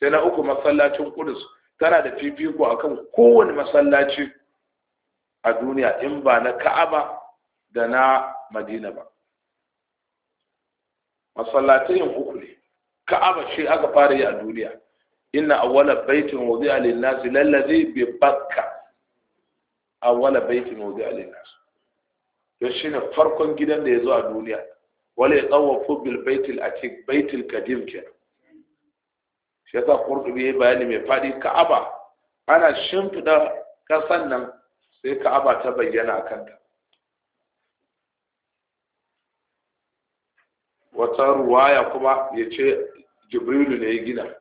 sai na uku masallacin kudus tana da fifiko a kan kowane masallaci a duniya in ba na ka'aba da na madina ba masallacin uku ne ka'aba shi aka fara yi a duniya inna awwala baitin wudi'a lin-nas lallazi bi bakka awwala baitin wudi'a lin-nas to shine farkon gidan da yazo a duniya wala yatawafu bil baitil atiq baitil qadim ke shi yasa qurtubi yayi bayani mai fadi ka'aba ana shimfida kasan nan sai ka'aba ta bayyana kanta wata ruwaya kuma ya ce jibrilu ne ya gina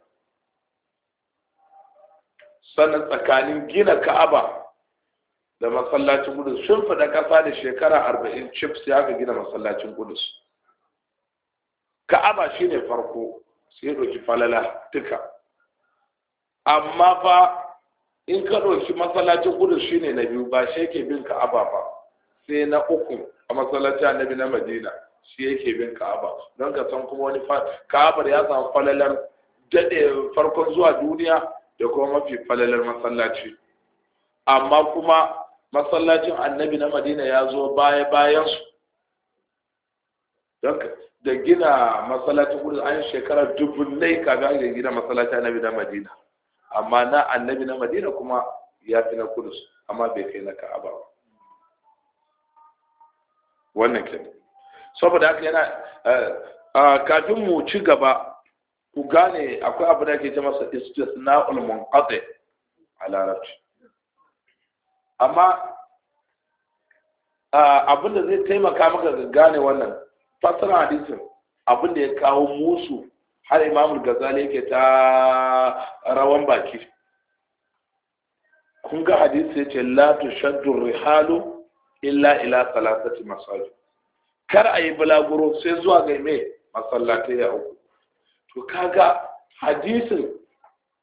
sannan tsakanin gina ka'aba da masallacin kudus sun fada kasa da shekara arba'in chips ya ka gina masallacin kudus ka'aba shi ne farko sai doki falala duka amma fa in ka ɗauki masallacin kudus ne na biyu ba shi yake bin ka'aba ba sai na uku a masallacin annabi na madina shi yake bin ka'aba don ka san kuma wani ka'abar ya samu falalar daɗe farkon zuwa duniya da kuma mafi falalar masallaci amma kuma masallacin annabi na madina ya zo baya bayan su da gina masallacin kudu an shekarar dubunnai kafin da gina masallacin annabi na madina amma na annabi na madina kuma ya fi na Kudus. amma bai kai na ka'aba ba wannan kenan saboda haka yana eh, eh, kafin mu ci gaba ku gane akwai abu da ke ce masa istisna'ul munqati a larabci amma abin da zai taimaka maka ga gane wannan fasara hadisin abin da ya kawo musu har imamul gazali yake ta rawan baki kun ga hadisi ya ce la tushaddu rihalu illa ila salasati masajid kar a yi bulaguro sai zuwa ga ime masallatai ya uku to kaga hadisin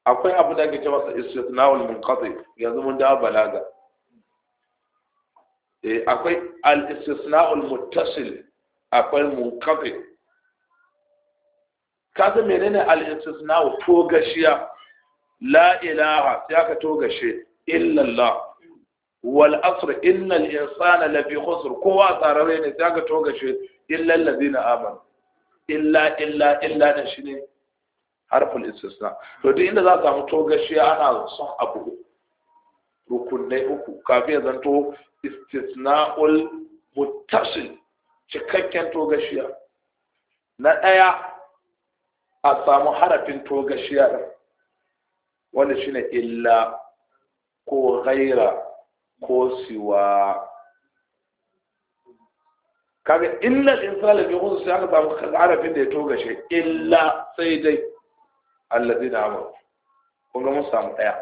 akwai abu da ake ce masa istithna'ul munqati yanzu mun dawo balaga eh akwai al-istithna'ul muttasil akwai munqati kaga menene al-istithna'u to gashiya la ilaha sai aka to gashe illa Allah wal asr innal insana lafi khusr kowa tsararre ne sai aka to gashe illa allazina amanu illa illa illa da shi ne harful istisna to duk inda za ka samu togashi ana son abu rukunai uku kafin ya zanto istisna ul mutasil cikakken togashiya na ɗaya a samu harafin togashiya ɗin wanda shine illa ko ghaira ko siwa kaga illa al-insan lam yughus sai aka samu harafin da ya shi illa sai dai da amanu kun ga mun samu daya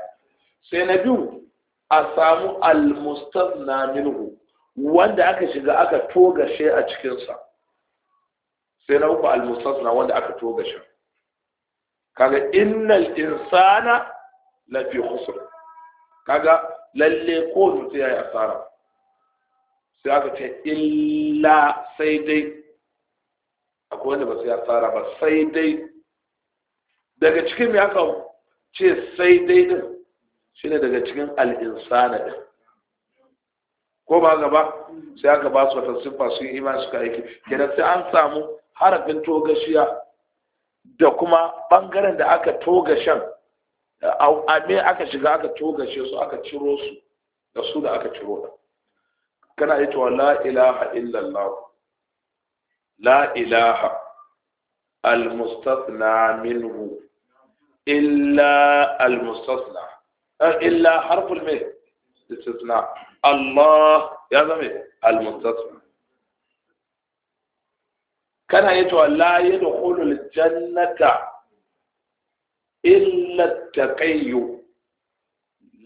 sai na biyu a samu al minhu wanda aka shiga aka shi a cikinsa. sa sai na uku al na wanda aka shi kaga innal insana lafi khusr kaga lalle ko mutum yayi asara sai aka ce illa sai dai akwai wanda ba su ya tsara ba sai dai daga cikin ya kawo ce sai dai din ne daga cikin al'insana din ko ba gaba sai aka ba su wata siffa su yi iman suka aiki kenan sai an samu harafin togashiya da kuma bangaren da aka togashen a me aka shiga aka togashe su aka ciro su da su da aka ciro da كان yi لا إله إلا الله لا إله المستثنى منه إلا المستثنى إلا حرف المه استثناء الله يا زمي المستثنى كان يتوى لا يدخل الجنة إلا التقي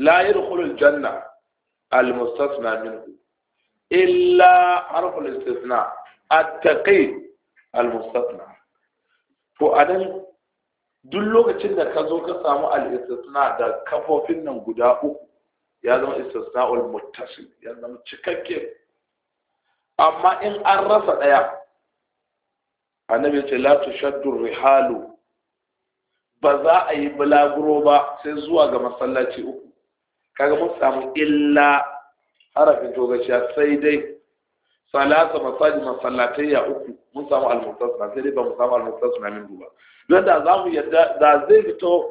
لا يدخل الجنة المستثنى منه illa harful istisna attaqi almustasna to nan duk lokacin da ka zo ka samu al-istisna da kafofin nan guda uku ya zama istisna'ul muttasil ya zama cikakke amma in an rasa ɗaya, annabi ya ce la tushaddu rihalu ba za a yi bulaguro ba sai zuwa ga masallaci uku kaga mun samu illa harafin togashiya sai dai salasa masaji masallatai ya uku mun samu almustasna sai dai ba mu samu almustasna min ba don da za mu yadda da zai fito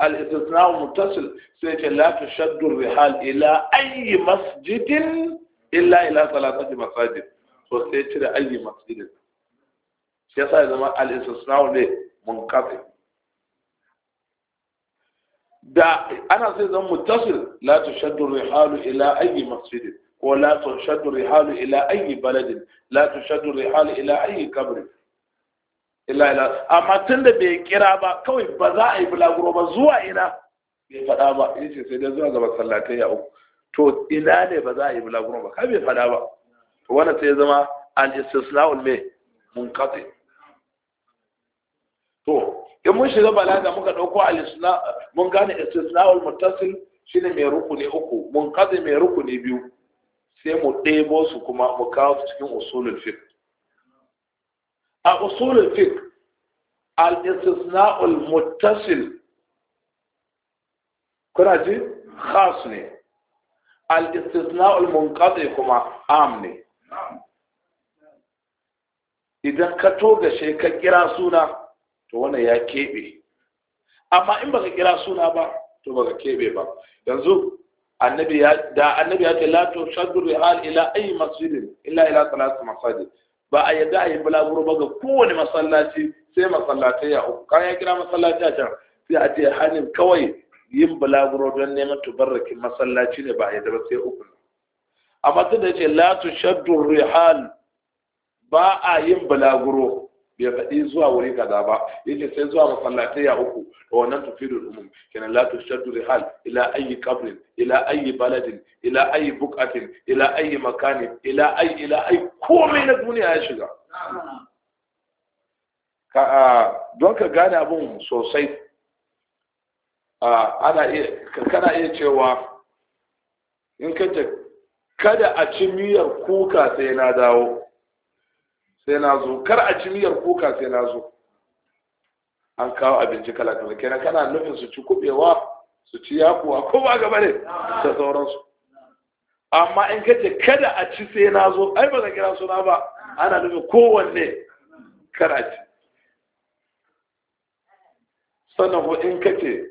al-istisna muttasil sai ke la tushaddu rihal ila ayi masjidin illa ila salasati masajid to sai cire ayi masjidin shi yasa ya zama al-istisna ne munqati da ana sai zan mutasir la shaddu rihalu ila ayi masjid ko la shaddu rihalu ila ayi balad la shaddu rihalu ila ayi kabrin illa ila amma tunda bai kira ba kawai ba za a yi bulaguro ba zuwa ina bai faɗa ba yace sai dai zuwa ga masallatai ya uku to ina ne ba za a yi bulaguro ba ka bai faɗa ba to wannan sai zama al-istisna'ul mai munqati in mun shiga balaga muka ɗauko al mun gane istisna'ul muttasil shine mai rukuni uku mun kaza mai rukuni biyu sai mu ɗebo su kuma mu kawo su cikin usulul fik. a usulul fik, al-istisna'ul muttasil kuna ji khas ne al mun munqati kuma am ne idan ka toga shi ka kira suna to wannan ya keɓe amma in baka kira suna ba to baka keɓe ba yanzu annabi ya da annabi ya ce la to shaddu rihal ila ayi masjidin illa ila salatu masajid ba a yadda a yi bulaguro ba ga kowane masallaci sai masallaci ya uku kan ya kira masallaci a can sai a ce hannun kawai yin bulaguro don neman tubarrakin masallaci ne ba a yadda ba sai uku amma tun da ya ce la to shaddu rihal ba a yin bulaguro bai faɗi zuwa wuri kaza ba yake sai zuwa masallatai ya uku da wannan tufidul umum kenan la tushaddu rihal ila ayi qabrin ila ayi baladin ila ayi buqatin ila ayi makanin ila ayi ila ayi komai na duniya ya shiga ka don ka gane abun sosai ana iya kana iya cewa in ka kada a ci miyar kuka sai na dawo sai na zo kar a ci miyar kuka sai na zo an kawo abinci kala kala kenan kana nufin su ci kubewa su ci yakuwa ko ba gaba ne da sauransu amma in kace kada a ci sai na zo ai ba zan kira suna ba ana nufin kowanne kar a ci sannan ko in kace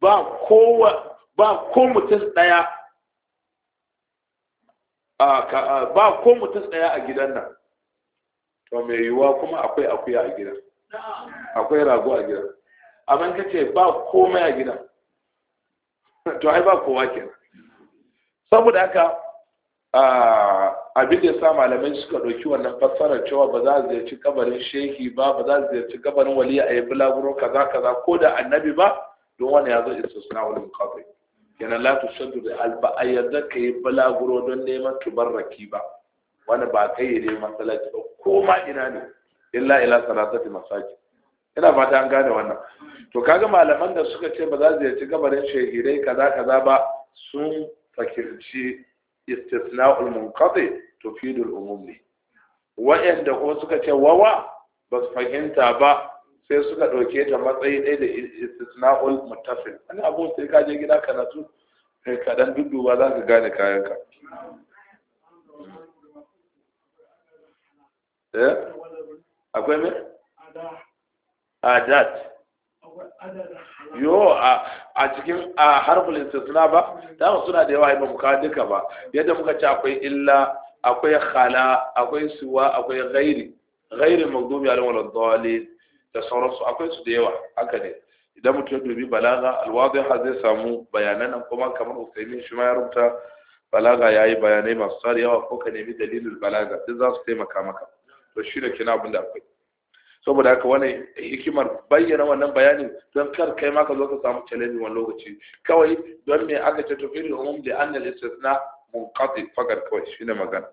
ba kowa ba ko mutum ɗaya. ba ko mutum tsaya a gidan nan to mai yiwuwa kuma akwai akuya a gidan akwai rago a gidan amma ka ce ba komai a gidan to ai ba kowa kenan saboda haka abin da sa malamai suka ɗauki wannan fassarar cewa ba za a ziyarci kabarin shehi ba ba za a ziyarci kabarin waliya a yi bulaguro kaza kaza ko da annabi ba don wani ya zo suna wani mukafai. Yana latu sadu da alba a yadda ka yi balaguro don neman raki ba wani ba kai yi neman salati ba ko ma ina ne illa ila da masaki. ina fata an gane wannan to kaga malaman da suka ce ba za su ziyarci gabarin shahirai kaza kaza ba sun fakirci istisna'ul munqati tufidul umum ne wa'anda ko suka ce wawa ba su fahimta ba sai suka ɗauke ta matsayi ɗaya da istisna'ul muttafil wani abu sai ka je gida ka natsu ka dan ba za ka gane kayanka eh? akwai me? adat yo a cikin a harbin istisna ba ta suna da yawa haifar muka duka ba yadda muka ci akwai illa akwai khala akwai suwa akwai ghairi ghairi maghdubi alwala wa da sauransu akwai su da yawa haka ne idan mutum ya dubi balaga ha zai samu bayanan nan kuma kamar usaimin shi ma ya rubuta balaga ya yi bayanai masu tsari yawa ko ka nemi dalilin balaga duk za su taimaka maka to shi da kina abin da akwai saboda haka wani hikimar bayyana wannan bayanin don kar kai ma ka zo ka samu challenge wani lokaci kawai don me aka ce to fil umum da annal istisna munqati fakar kawai shi ne magana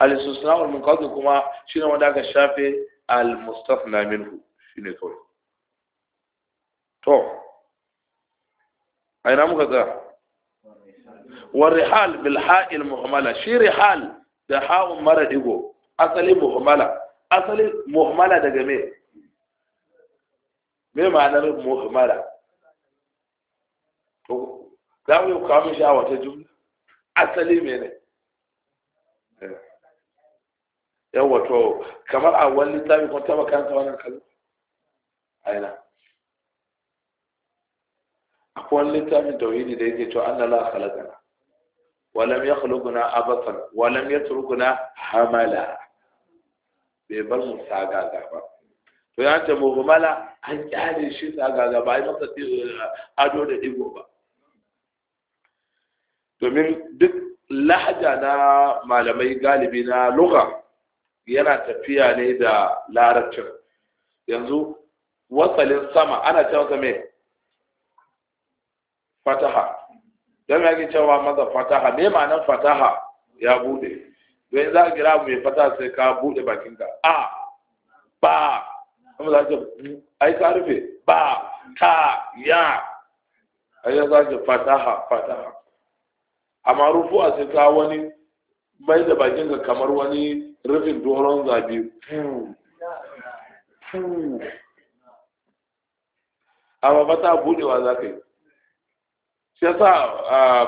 al istisna wal munqati kuma shine wanda aka shafe al-mustafna minhu shine kawai to aina muka tsaya والرحال بالحاء المهملة شي رحال ده حاء مرة ديغو أصلي مهملة أصلي ده جميع me ma'anar muhammara to za mu yi kawo mishi a wata yawa to kamar a wani littafi kuma taba tsawon wannan kalma aina akwai wani littafin tauhidi da yake cewa annala la khalaqana wa lam yakhluquna abathan wa lam yatrukuna hamala bai bar mu gaga ba to ya ce mu gumala an kyale shi gaga ba ai masa eh, ado da digo ba domin duk lahaja na malamai galibi na lugha yana tafiya ne da larabcin yanzu wasalin sama ana cewa sa mai fataha don ya ke cewa maza fataha me ma'anar fataha ya bude don za a gira mai fataha sai ka bude bakinka a ba kuma za ka ai ka rufe ba ta ya ai za ka fataha fataha amma rufu a sai ka wani mai da bakinka kamar wani rufin doron zabi amma fata budewa za ka yi shi yasa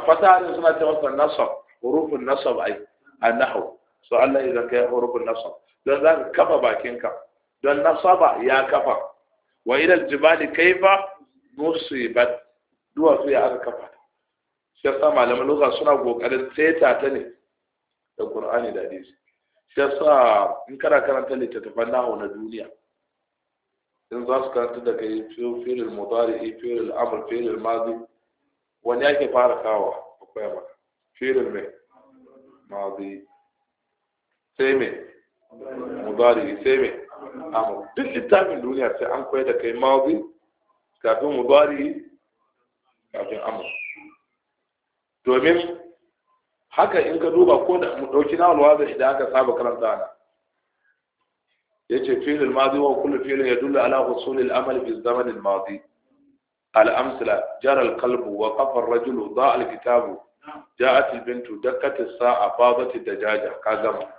fata ne suna ce masa nasar rufin nasar ai a nahau so Allah ya zaka yi rufin nasar don za ka kafa bakinka don nasaba ya kafa wa idan jibali ba musibat duwatsu ya aka kafa shi yasa malaman lugha suna kokarin teta ta ne da kur'ani da hadisi yasa in kana karanta littattafan nahu na duniya in za su karanta da kai fi'il mudari fi'il amr fi'il madi wani yake fara kawa akwai ba fi'il mai madi sai mai mudari sai mai amr duk littafin duniya sai an koyar da kai madi kafin mudari kafin amr domin haka in ka duba ko da mu dauki na alwaza idan aka saba karanta na yace fi'il madi wa kullu fi'lin yadullu ala husul al-amal fi zaman al-madi al-amsala jara al-qalbu wa qafa ar-rajulu da'a al-kitabu ja'at al-bintu dakkat as-sa'a fadat ad-dajaja ka gama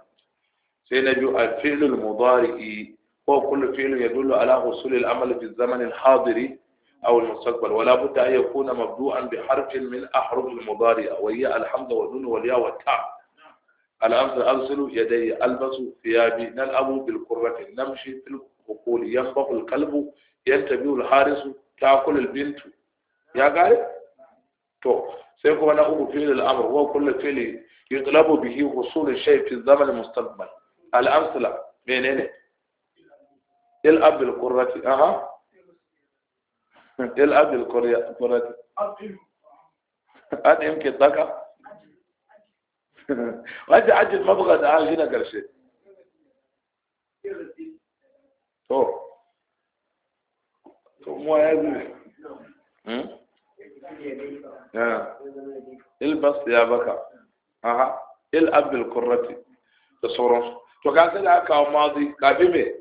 sai na biyu al-fi'l al-mudari wa kullu fi'lin yadullu ala husul al-amal fi zaman al-hadiri أو المستقبل ولا بد أن يكون مبدوءا بحرف من أحرف المضارع وهي الحمد والنون والياء والتاء الأمثل أغسل يدي ألبس ثيابي نلعب بالقرة نمشي في الحقول ينبح الكلب ينتبه الحارس تأكل البنت يا قارئ تو سيكون أنا أقول فعل الأمر هو كل فعل يطلب به وصول الشيء في الزمن المستقبل الأمثلة al-mustaqbal al-amsala ايه الادي القرية هذا يمكن تاكا وادي عجل ما بغى دعال هنا كل شيء أوه مو هذي إيه البس يا بكا اها إيه الاب القرتي تصرف وكان سيدا كا ماضي كافي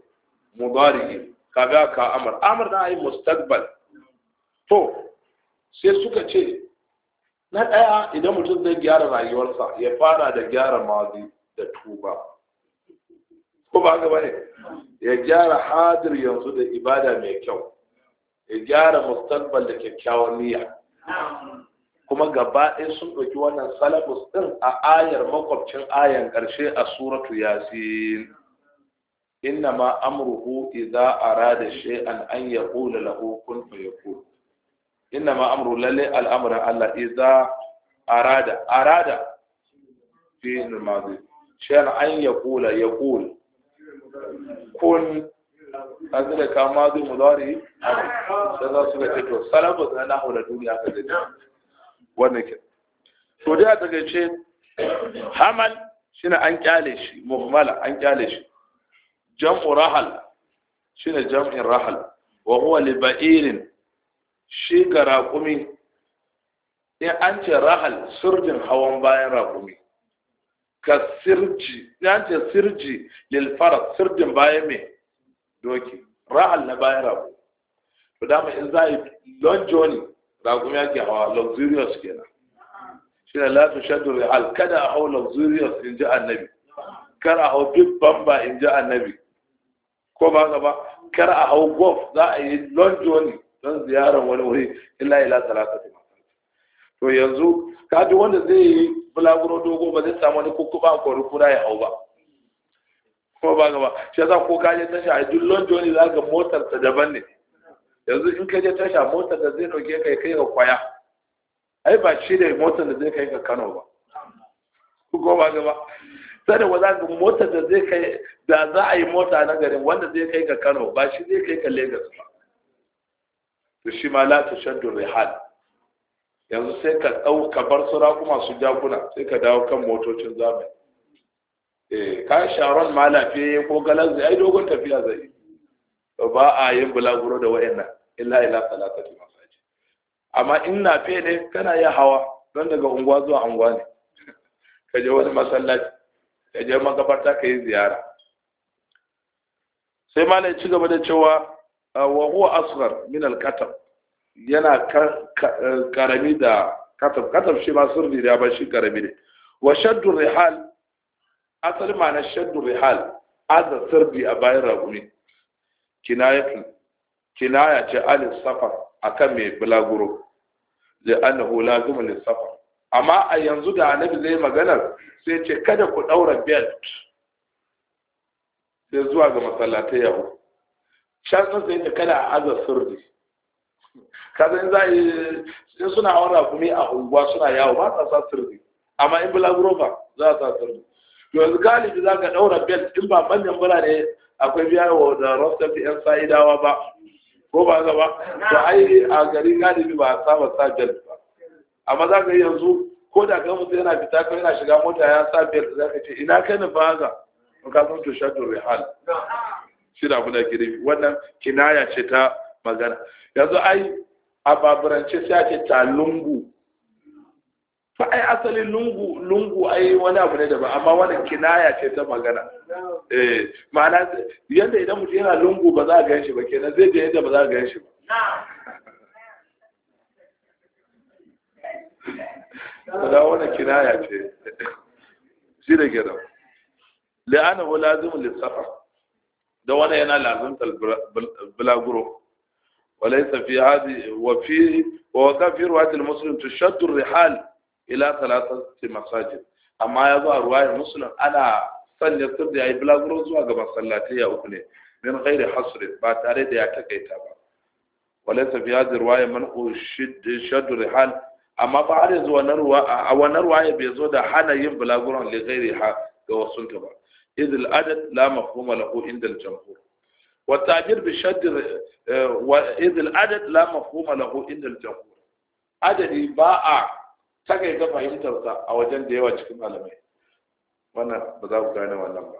مضاري كافي كا امر امر ده مستقبل to sai suka ce na ɗaya idan mutum zai gyara rayuwarsa ya fara da gyara mazi da tuba ko ba gaba ne ya gyara hadir yanzu da ibada mai kyau ya gyara mustaqbal da kyakkyawan niyya kuma gaba ɗaya sun ɗauki wannan salafus ɗin a ayar makwabcin ayan ƙarshe a suratu yasin inna ma amruhu idza arada shay'an an yaqula lahu kun fayakun انما امر للي الامر الله اذا اراد اراد في الماضي شان ان يقول يقول كن هذا كماضي مضاري مضارع هذا سبت تو سلام انا هنا الدنيا كده وانك تو ده تجي حمل شنو ان قال مهملة مهمل ان جم شيء شنو جم الرحل وهو لبئر shi ga raƙumi in an ce rahal sirjin hawan bayan raƙumi ka sirji in an ce sirji lilfara sirjin bayan mai doki rahal na bayan raƙumi to dama in za a yi long journey raƙumi ake hawa luxurious kenan shi ne lati shaddu rahal kada a hau luxurious in ji annabi kar a hau big bamba in ji annabi ko ba ga ba kar a hau golf za a yi long journey don ziyarar wani wuri illa ila salatati to yanzu kaji wanda zai yi bulaguro dogo ba zai samu wani kukkuba ko rukuna ya hau ba Kuma ba gaba shi yasa ko kaje tasha a duk lonjo ne ka motar ta daban ne yanzu in ka je tasha motar da zai dauke kai kai ga kwaya ai ba shi da motar da zai kai ka Kano ba ko ba gaba sai da wanda ga motar da zai kai da za a yi mota na garin wanda zai kai ka Kano ba shi zai kai ka Lagos ba to shi ma la shaddu rihal yanzu sai ka dau bar su raƙuma su jakuna sai ka dawo kan motocin zamani eh ka sharon ma lafiya ko galan zai ai dogon tafiya zai ba a yin bulaguro da wayannan illa ila salatati masaji amma in na fe ne kana yin hawa don daga unguwa zuwa unguwa ne ka je wani masallaci ka je makabarta ka yi ziyara sai ma ci gaba da cewa Ah, wa huwa asghar min al yana eh, karami da katab katab shi ba sirri da ba shi karami ne wa shaddu rihal asali ma na shaddu rihal azar sirri a bayan ragumi kinayatu kinaya ce alif safar akan mai bulaguro da annahu lazim lil safar amma a yanzu da annabi zai magana sai ce kada ku daura belt sai zuwa ga masallatai yau sharɗin sai ta kada a aza sirri kaza in za a yi suna wani rakumi a unguwa suna yawo ba sa sa sirri amma in bula ba za a sa sirri yanzu galibi za ka ɗaura bel in ba manyan birane akwai biya wa da rasta fi yan sa'idawa ba ko ba ga ba to ai a gari galibi ba a saba sa bel ba amma za ka yi yanzu ko da ga mutu yana fita ko yana shiga mota ya sa bel za ka ce ina kai ni ba ga in ka san to shaɗu rihal shi kuna girbi. wannan kinaya ce ta magana yanzu ai a baburance sai ake ta lungu fa ai asalin lungu lungu ai wani abu ne daban amma wannan kinaya ce ta magana eh ma'ana yanda idan mutum yana lungu ba za a gan shi ba kenan zai je yadda ba za a gan shi ba kada wani kinaya ce shi da gina la'ana wa lazimin lissafa da wani yana lazantar bulaguro walaisa fi hadi wa wa kafir wa til muslim tushadd rihal ila thalathati masajid amma ya zo ruwayi ana sanya sir da yayi bulaguro zuwa ga masallati ya uku ne min ghairi hasr ba tare da ya takaita ba walaisa fi hadi ruwayi man ushid shadd rihal amma ba har yanzu a wannan ruwaya bai zo da hana yin bulaguro li ghairi ha ga wasunta ba إذ العدد لا مفهوم له عند الجمهور والتعبير بشد وإذ العدد لا مفهوم له عند الجمهور عدد باء take ta fahimtarsa a wajen da yawa cikin malamai wannan ba za ku gane wannan ba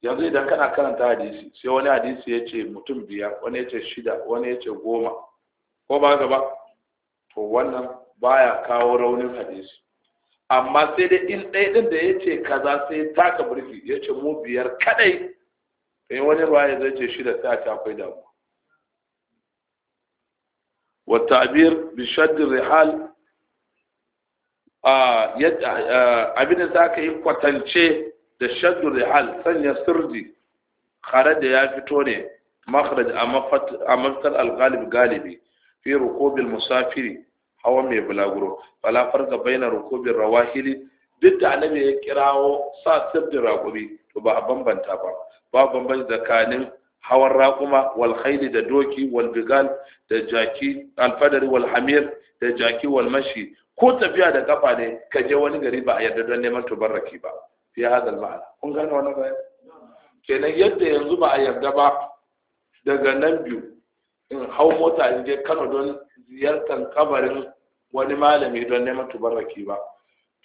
yanzu idan kana karanta hadisi sai wani hadisi ya ce mutum biyar wani ya ce shida wani ya ce goma ko ba ka ba? to wannan baya kawo raunin hadisi amma sai dai in ɗaya ɗin da ya ce kaza sai ya taka birki ya ce mu biyar kadai in wani ya zai ce shida sai a ce akwai damuwa والتعبير بشد abin da za ka yi kwatance da shadu rihal sanya sirri, kare da ya fito ne makaraj a mafitar algalib galibi fi rukobil musafiri hawa mai bulaguro fala farka baina rukubin rawahili duk da annabi ya kirawo sa sirri raƙumi to ba a bambanta ba ba bambanci tsakanin hawan raƙuma wal khayli da doki wal bigal da jaki alfadari wal hamir da jaki wal mashi ko tafiya da kafa ne ka je wani gari ba a yarda don neman tubarraki ba fi hadal ma'ana kun gane wannan bayan kenan yadda yanzu ba a yarda ba daga nan biyu in hau mota in je kano don ziyartar kabarin wani malami don neman tubarraki ba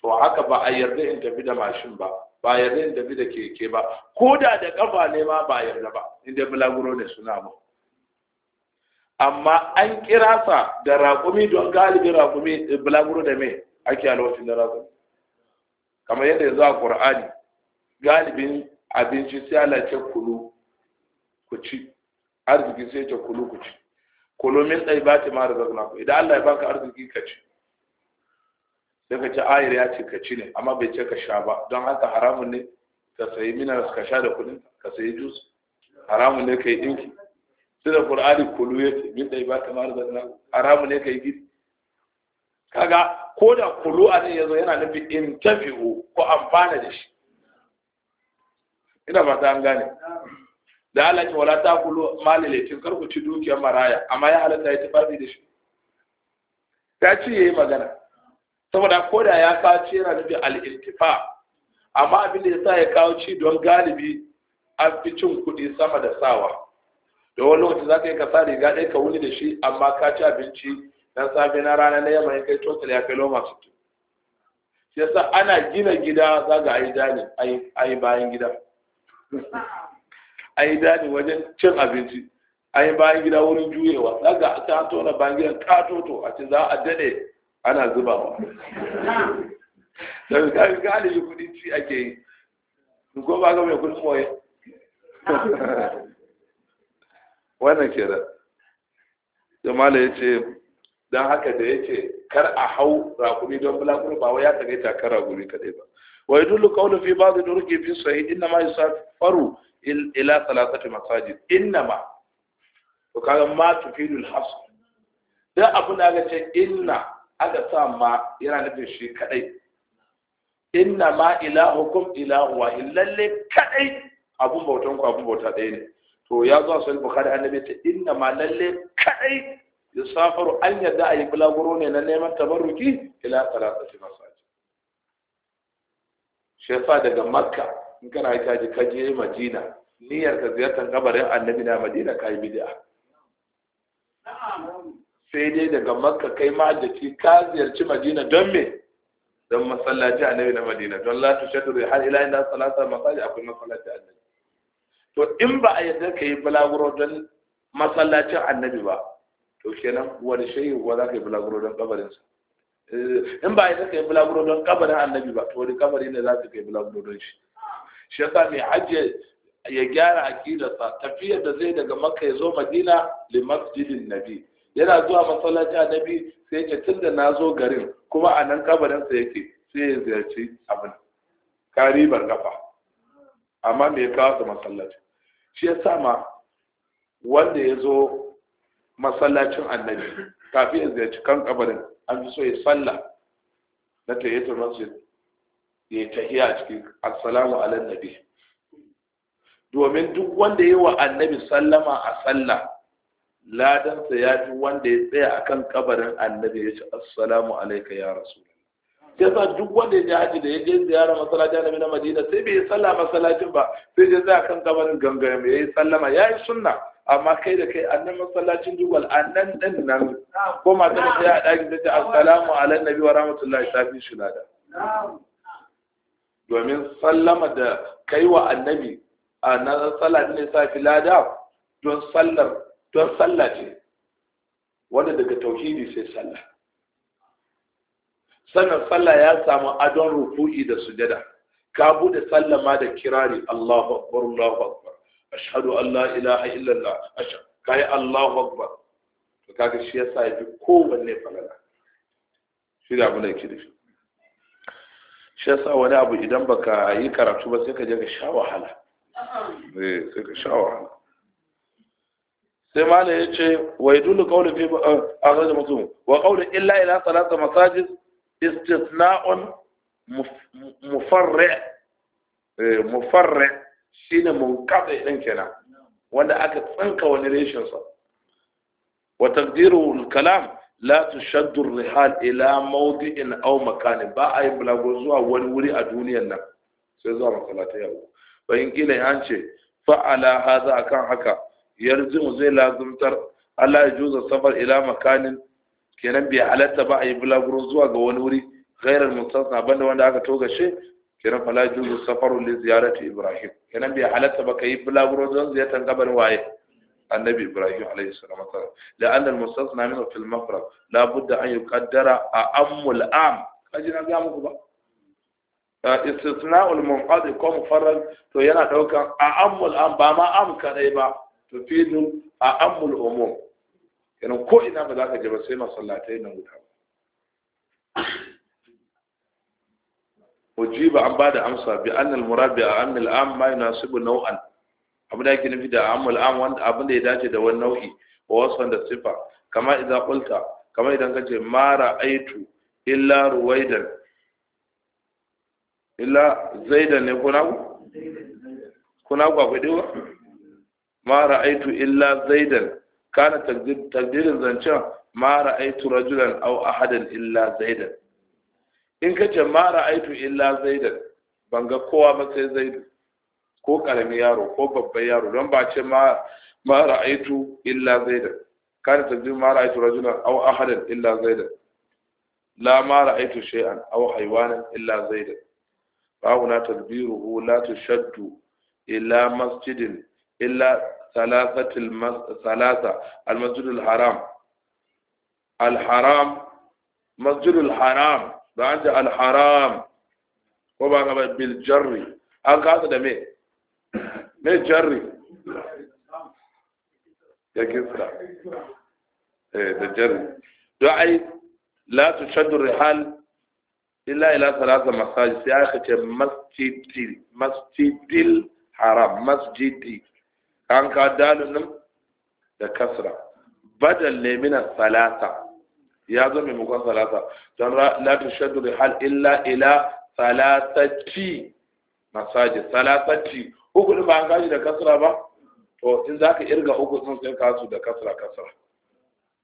to haka ba a yarda in tafi da mashin ba ba a yarda in tafi da keke ba ko da da kafa ne ma ba a yarda ba inda bulaguro ne suna ba amma an kira sa da raƙumi don galibi raƙumi eh, bulaguro da me ake alwacin da raƙumi kamar yadda yanzu a ƙur'ani galibin abinci sai Allah ce kulu ku ci arziki sai ce kulu ku ci kulu min dai ba ta mara zakna ku idan Allah ya baka arziki ka ci sai ka ce ayar ya ce ka ci ne amma bai ce ka sha ba don haka haramun ne ka sayi minerals ka sha da kudin ka sayi jus, haramun ne ka yi dinki sai da qur'ani kulu ya ce min ɗai ba ta mara ku haramun ne ka yi gidi kaga ko da kulu a ne yanzu yana nufin in tafi ko amfana da shi ina ba ta an gane da Allah wala ta kulu mali laifin karku ci dukiyar maraya amma ya halatta ya ci fadi da shi ta ci yayi magana saboda ko da ya kawo ci yana nufin al'iltifa amma abin da ya sa ya kawo ci don galibi an fi cin kuɗi sama da sawa da wani lokaci za ka yi ka riga ɗaya ka wuni da shi amma ka ci abinci na safe na rana na yamma ya kai total ya kai loma sittin shi yasa ana gina gida za ga yi dani bayan gida ai dani wajen cin abinci ai bayan gida wurin juyewa za a ta tona bayan gidan katoto a ce za a dade ana zubawa da ga yi kudi ci ake yi ko ba ga mai kudi moye wannan ke da jamala ya ce don haka da ya ce kar a hau rakumi don bulakuru ba wai ya tagaita takara rakumi kaɗai ba wa yadullu qawlu fi ba'd turuki fi sahih inna ma yusafaru ila thalathati masajid inna ma to kaga ma tufidul hasr dan da aka ce inna aka sa ma yana nufin shi kadai inna ma ilahukum ilahu wahid lalle kadai abun bautan ku abun bauta ɗaya ne to ya zo sai bukhari annabi ta inna ma lalle kadai yusafaru an yadda bulaguro ne na neman tabarruki ila shefa daga makka in kana hajji ka je madina niyyar ka ziyartar kabarin annabi na madina ka yi bid'a sai dai daga makka kai ci ka ziyarci madina don me don masallaci annabi na madina don la tushaddu har ila inda salata masallaci akwai masallaci annabi to in ba a yadda ka yi bulaguro don masallacin annabi ba to kenan wani shayi wa za ka yi bulaguro don kabarinsa Eh, in ba ita kai bulaguro don kabarin annabi ba to wani kabari ne za ta kai bulaguro don shi shi yasa mai hajji ya gyara aqidarsa tafiyar da zai daga makka ya zo madina li masjidin nabi yana zuwa masallacin annabi sai ya tun da na zo garin kuma a nan kabarin sa yake sai ya ziyarci abin karibar kafa amma me ya kawo masallaci shi yasa ma wanda ya zo masallacin annabi kafin ya ziyarci kan kabarin an fi so ya salla na tayyatul masjid ya tahiya a cikin assalamu ala nabi domin duk wanda ya wa annabi sallama a salla, ladansa ya fi wanda ya tsaya a kan kabarin annabi ya ce assalamu alaika ya rasu Ya sa duk wanda ya ji haji da ya je ziyara masallacin annabi na madina sai bai yi salla masallacin ba sai ya tsaya kan kabarin mai ya yi sallama ya yi sunna amma kai da kai annan masallacin dubal annan din nan ko mata da ya daki da ta assalamu ala nabi wa rahmatullahi ta fi shi lada domin sallama da kai wa annabi a na sallah ne sa fi lada don sallar don sallah ce wanda daga tauhidi sai sallah sannan sallah ya samu adon rufu'i da sujada ka bude sallama da kirari Allahu akbar Allahu akbar ashhadu an la ilaha illallah ashhadu kai Allahu akbar to kaga shi yasa yafi kowanne falala shi da abin da yake da shi yasa wani abu idan baka yi karatu ba sai ka je ka sha wahala eh sai ka sha wahala sai mala ya ce wa yadullu qawlu fi ah, akhraj muslim wa qawlu illa ila salata masajid istisna'un mufarri' eh, mufarri' mun munqati idan kenan wanda aka tsanka wani reshensa, sa wa taqdiru al-kalam la tushaddu ar-rihal ila mawdi'in aw makani ba ai bulago zuwa wani wuri a duniyar nan sai zuwa masallatai yau bayan kila an ce fa'ala hadha kan haka yarjimu zai lazumtar Allah ya juza safar ila makanin kenan bai halatta ba a yi zuwa ga wani wuri gairar mustasna banda wanda aka shi kenan fala juzu safaru li ziyarati ibrahim kenan bai halatta ba kai bulaguro don ziyartar gaban waye annabi ibrahim alayhi salam la anna al mustasna minhu fil mafrad la budda an yuqaddara a amul am ajina ga muku ba istisna'ul munqadi ko mufarrad to yana daukan a amul am ba ma am kadai ba to fidu a amul umum kenan ko ina ba za ka je ba sai masallatai na wuta ujiba an bada amsa bi annal murad bi amil am ma yunasibu nau'an abin da yake nufi da amul am wanda abin da ya dace da wani nau'i wa wasfan da sifa kama idan qulta kama idan illa ruwaidan illa zaidan illa zaidan zancen illa in ka ce ma ra'aitu illa zaidan ban ga kowa ba sai zaidu ko karami yaro ko babban yaro don ba ce ma ra'aitu illa zaidan ta ji ma ra'aitu rajulan aw ahadan illa zaidan la ma ra'aitu shay'an aw haywanan illa zaidan فهنا تدبيره لا illa masjidin illa salasatil salasa al masjidul haram? al haram masjidul haram da an alharam ko ba ka bai bil jarri an kasa da me me jarri ya kisa eh, da jarri don ai la tu shaddu rihal illa ila salasa masajid sai aka ce masjidil haram masjidi an ka dalilin da kasra badal ne mina salasa ya zo maimakon salasa don shaddu da hal illa ila salatacci masajid salatacci uku din ba an gaji da kasra ba to in za ka irga uku sun sai kasu da kasra kasra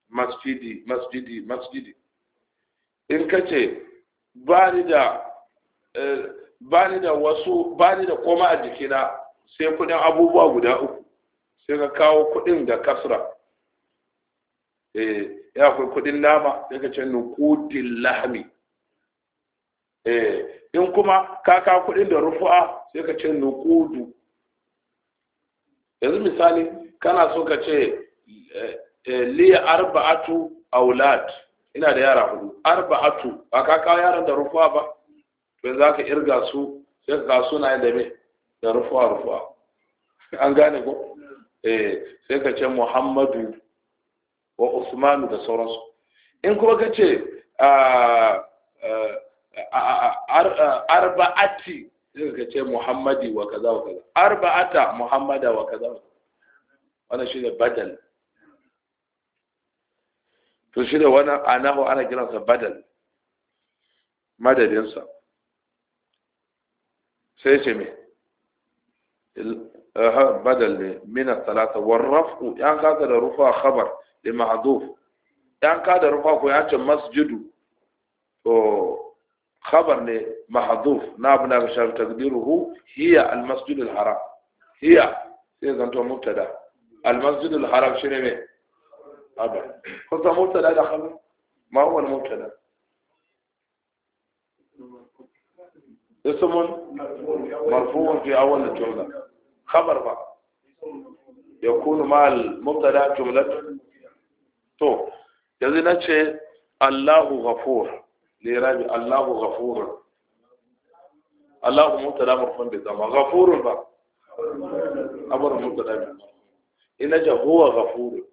masjidi masjidi masjidi in ka ce da eh, ba ni da wasu ba ni da koma a jikina sai kudin abubuwa guda uku sai ka kawo kudin da kasra eh ya akwai kudin nama sai ka ce nuqudil lahmi eh in kuma ka ka kudin da rufu'a sai ka ce nuqudu yanzu misali kana so ka ce eh, eh, li arba'atu aulad ina da yara hudu arba'atu ba ka kawo yaran da rufu'a ba to yanzu ka irga su sai ka suna da me da rufu'a rufu'a an gane ko eh sai ka ce muhammadu wa Uthman da sauransu in kuma ka ce arba'ati sai ka ce muhammadi wa kaza wa kaza arba'ata muhammada wa kaza wannan shi ne badal to shi da wannan anahu ana kiransa badal madadinsa sai ce me badal ne mina talata warrafu yan kasa da rufa khabar لمحذوف يعني كاد رفع كويات مسجد أو خبر لمحذوف نابنا بشار تقديره هي المسجد الحرام هي إذا أنتم مبتدا المسجد الحرام شنو مين أبا كنت مبتدا دخل ما هو المبتدا اسم مرفوع في أول الجملة خبر بقى يكون مع المبتدا جملة to yanzu na ce allahu ghafur lirabi allahu ghafur allahu mutala marfun bi zama ghafurun ba abar mutala bi ina ja huwa ghafurun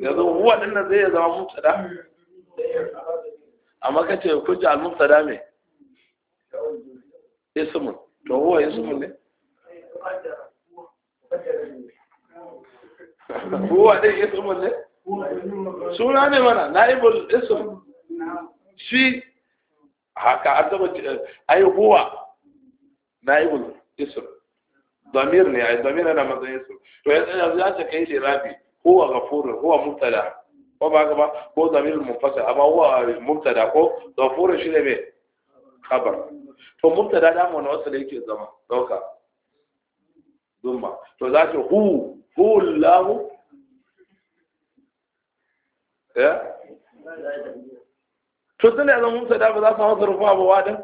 yanzu huwa din nan zai zama mutala amma kace kunja al mutala me ismun to huwa ismun ne huwa din ismun ne suna ne mana na'ibul ism shi haka an zama ai huwa na'ibul ism damir ne ai damir yana matsayin ism to yanzu ya ce kai lirabi huwa ghafur huwa mubtada ko ba ka ba ko damir munfasal amma huwa mubtada ko ghafur shi ne me kabar. to mubtada da mu wani wasu da yake zama ɗauka. zumba to za ce hu hu lahu ya eh? to tun da zan musa da ba za su hausa rufa ba wadan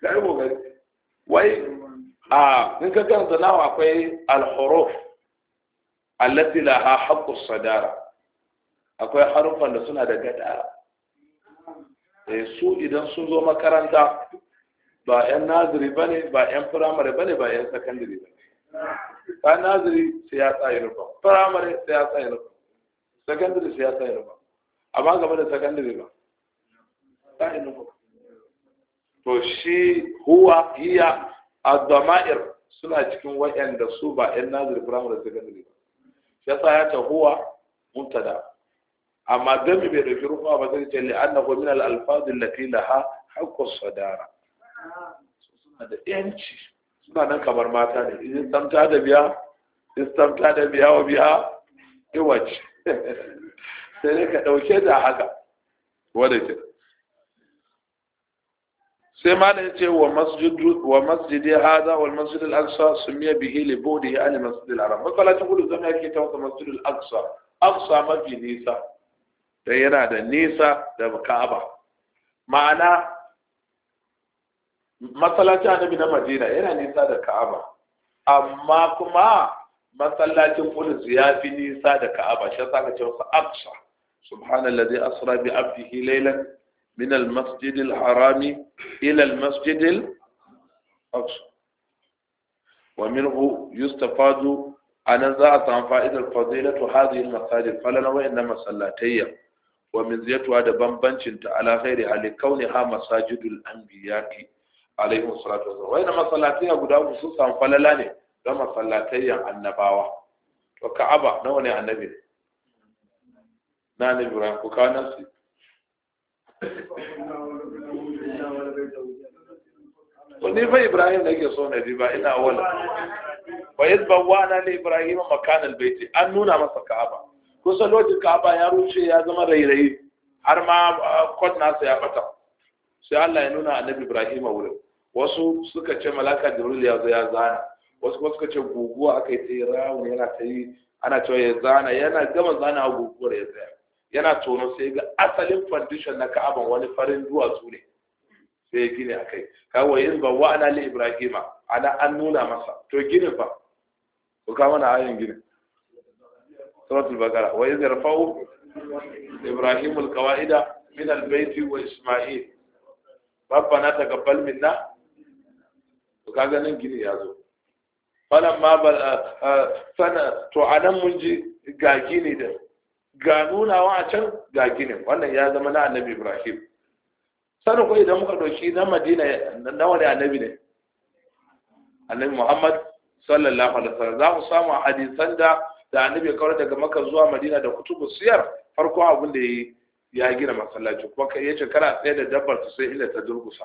kai kokari wai a in ka kan nawa akwai al-huruf allati laha haqqus sadara akwai harufan da suna da gadara Eh, su idan sun zo makaranta ba 'yan naziri ba ne ba 'yan firamare ba ne ba 'yan sakandiri ba ba naziri sai ya sa firamare sai ya sa uniform sakandiri sai ya sa uniform amma game da sakandiri ba sa uniform to shi huwa hiya Azamair suna cikin da su ba 'yan naziri firamare sakandiri ba yasa ya ta huwa mutada amma don bai dauki rufa ba zai ce ko min al-alfaz allati laha haqqu sadara suna da yanci suna nan kamar mata ne idan samta da biya istamta da biya wa biya iwac sai ne ka ɗauke da haka wanda ke sai ma da ya ce wa masjidi hada wal masjid al-aqsa sumiya bihi li budihi an masjid al-haram masallacin gudu zama yake ta wata masjid al-aqsa mafi nisa da yana da nisa da ka'aba ma'ana masallacin annabi na madina yana nisa da ka'aba amma kuma masallacin qudus ya fi nisa da ka'aba shi yasa ka ce wasu aksa. subhanallazi asra bi abdihi laylan min al-masjid al-haram ila al-masjid al-aqsa wa minhu yustafadu za a samu fa'idar fadilatu hadhihi al-masajid falana wa inna masallatayya wa min ziyatuwa da bambancin ta ala ghairi Kauni ha masajidul anbiya'i alaihi salatu wasallam wai na masallatayya guda uku sun samu falala ne don masallatayyan annabawa to ka'aba nawa ne annabi na annabi ibrahim ku kawo nan su to ni fa ibrahim da yake so na bi ba ina wala wa yadbawana li ibrahim makan albayt an nuna masa ka'aba kusa lojin ka'aba ya rushe ya zama rairayi har ma kod nasa ya bata sai Allah ya nuna annabi Ibrahim a wurin wasu suka ce malaka Jibril ya zo ya zana wasu kuma suka ce guguwa aka yi ta yi rawun yana ta yi ana cewa ya zana yana gama zana a guguwar ya tsaya yana tono sai ga asalin foundation na Ka'aba wani farin duwatsu ne sai gine a kai kawai yin ba wa ana li Ibrahim ana an nuna masa to ginin fa ku kama na ayin ginin سوره البقره wa idh ابراهيم القواعد من البيت واسماعيل wa isma'il منا taqabbal minna to kaga nan gini ya zo falan ma bal sana ah, ah, to mun ji a can ga wannan ya zama na annabi ibrahim ko idan muka ɗauki na madina na wani annabi ne annabi muhammad sallallahu alaihi wasallam za mu samu hadisan da da annabi ya kawar daga maka zuwa madina da kutubu siyar farko abin da ya gina masallaci kuma ya ce kana tsaye da dabbar ta sai ila ta durgusa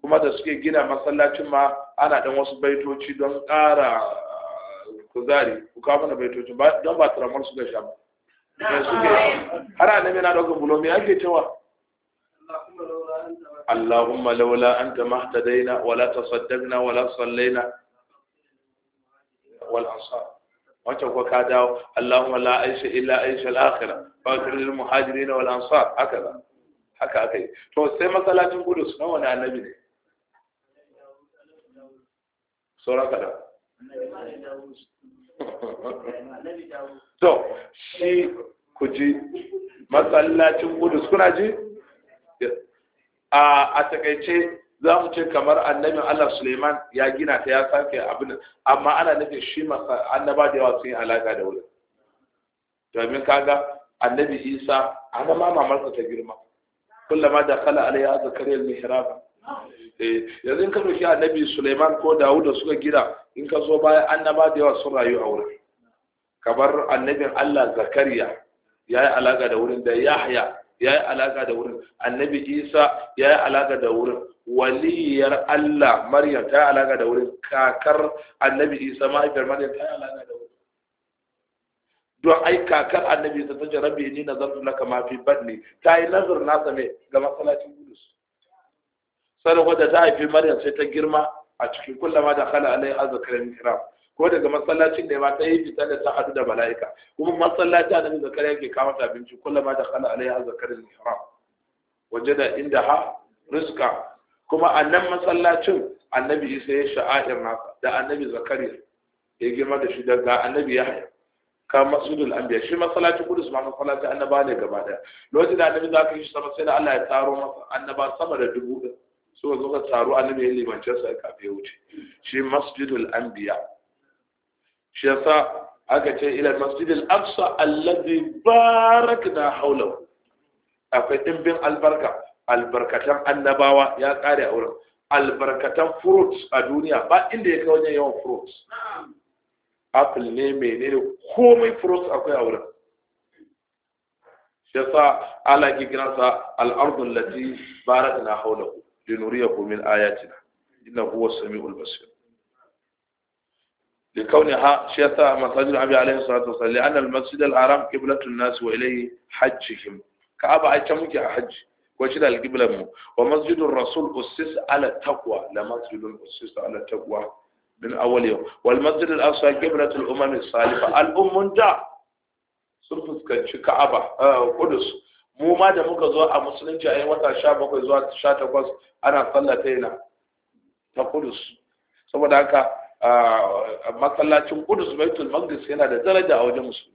kuma da suke gina masallacin ma ana dan wasu baitoci don ƙara uh, kuzari ku kawo mana baitoci don ba turamar su ga sha ba har annabi na bulo me ake cewa اللهم لولا أنت ما اهتدينا ولا تصدقنا ولا صلينا والأنصار wacce ko ka dawo Allahumma la aisha illa aisha al-akhirah fa lil muhajirin wal ansar haka da haka aka yi to sai masallacin gudu na wani annabi ne sauran kada to shi ku ji masallacin gudu kuna ji a a takaice za mu ce kamar annabin Allah Suleiman ya gina ta ya sake abin amma ana nufin shi masa annaba da yawa sun yi alaƙa da wurin domin kaga annabi Isa ana ma mamarsa ta girma kullama da kala alayya zakariya al-mihrab eh yanzu in ka shi annabi Suleiman ko Dawud da suka gina in ka zo baya annaba da yawa sun rayu a wurin kamar annabin Allah Zakariya ya yi alaƙa da wurin da Yahya ya yi alaƙa da wurin annabi isa ya yi alaƙa da wurin waliyar allah maryam ta yi alaƙa da wurin kakar annabi isa ma'aikar maryam ta yi alaƙa da wurin don ai kakar annabi isa ta jarabe ni na zartu na kama fi ne ta yi nazar na same ga masalacin gudus sanin wadda ta haifi maryam sai ta girma a cikin kullama da khala alai azakarin kiram ko daga masallacin da ma ta yi fita da ta hadu da mala'ika kuma masallaci da zakar yake kawo ta abinci kullum ma da khala alaiha zakar Waje da inda ha, riska. kuma a nan masallacin annabi isa ya sha'a'ir nasa da annabi zakariya ya girma da shi daga annabi ya haya ka masudul anbiya shi masallacin kudus ma masallacin annaba ne gaba daya lokacin da annabi zaka yi shi sama sai da Allah ya taro masa annaba sama da dubu din so zo ka taro annabi ya limance sa ya bai wuce shi masjidul anbiya shi yasa aka ce ila masjid al-aqsa alladhi barakna hawlahu akwai dimbin albarka albarkatan annabawa ya kare a wurin albarkatan fruits a duniya ba inda ya kai wajen yawan fruits apple ne menene komai fruits akwai a wurin yasa ala ki kiransa al-ardu allati barakna hawlahu min ayatina innahu huwas samiul basir da kauni ha shi yasa masajin abi alaihi salatu wasallam li'anna al-masjid al-haram qiblatu an-nas wa ilayhi ka'aba ai ta a hajji ko shi da al wa masjidur rasul ussis ala taqwa la masjidun ussis ala taqwa min awwal yawm wal masjid al-aqsa qiblatu salifa al-ummun fuskanci ka'aba kudus mu ma da muka zo a musulunci a yi wata 17 zuwa 18 ana sallata yana ta kudus saboda haka masallacin kudus Baitul Maqdis yana da daraja a wajen musulmi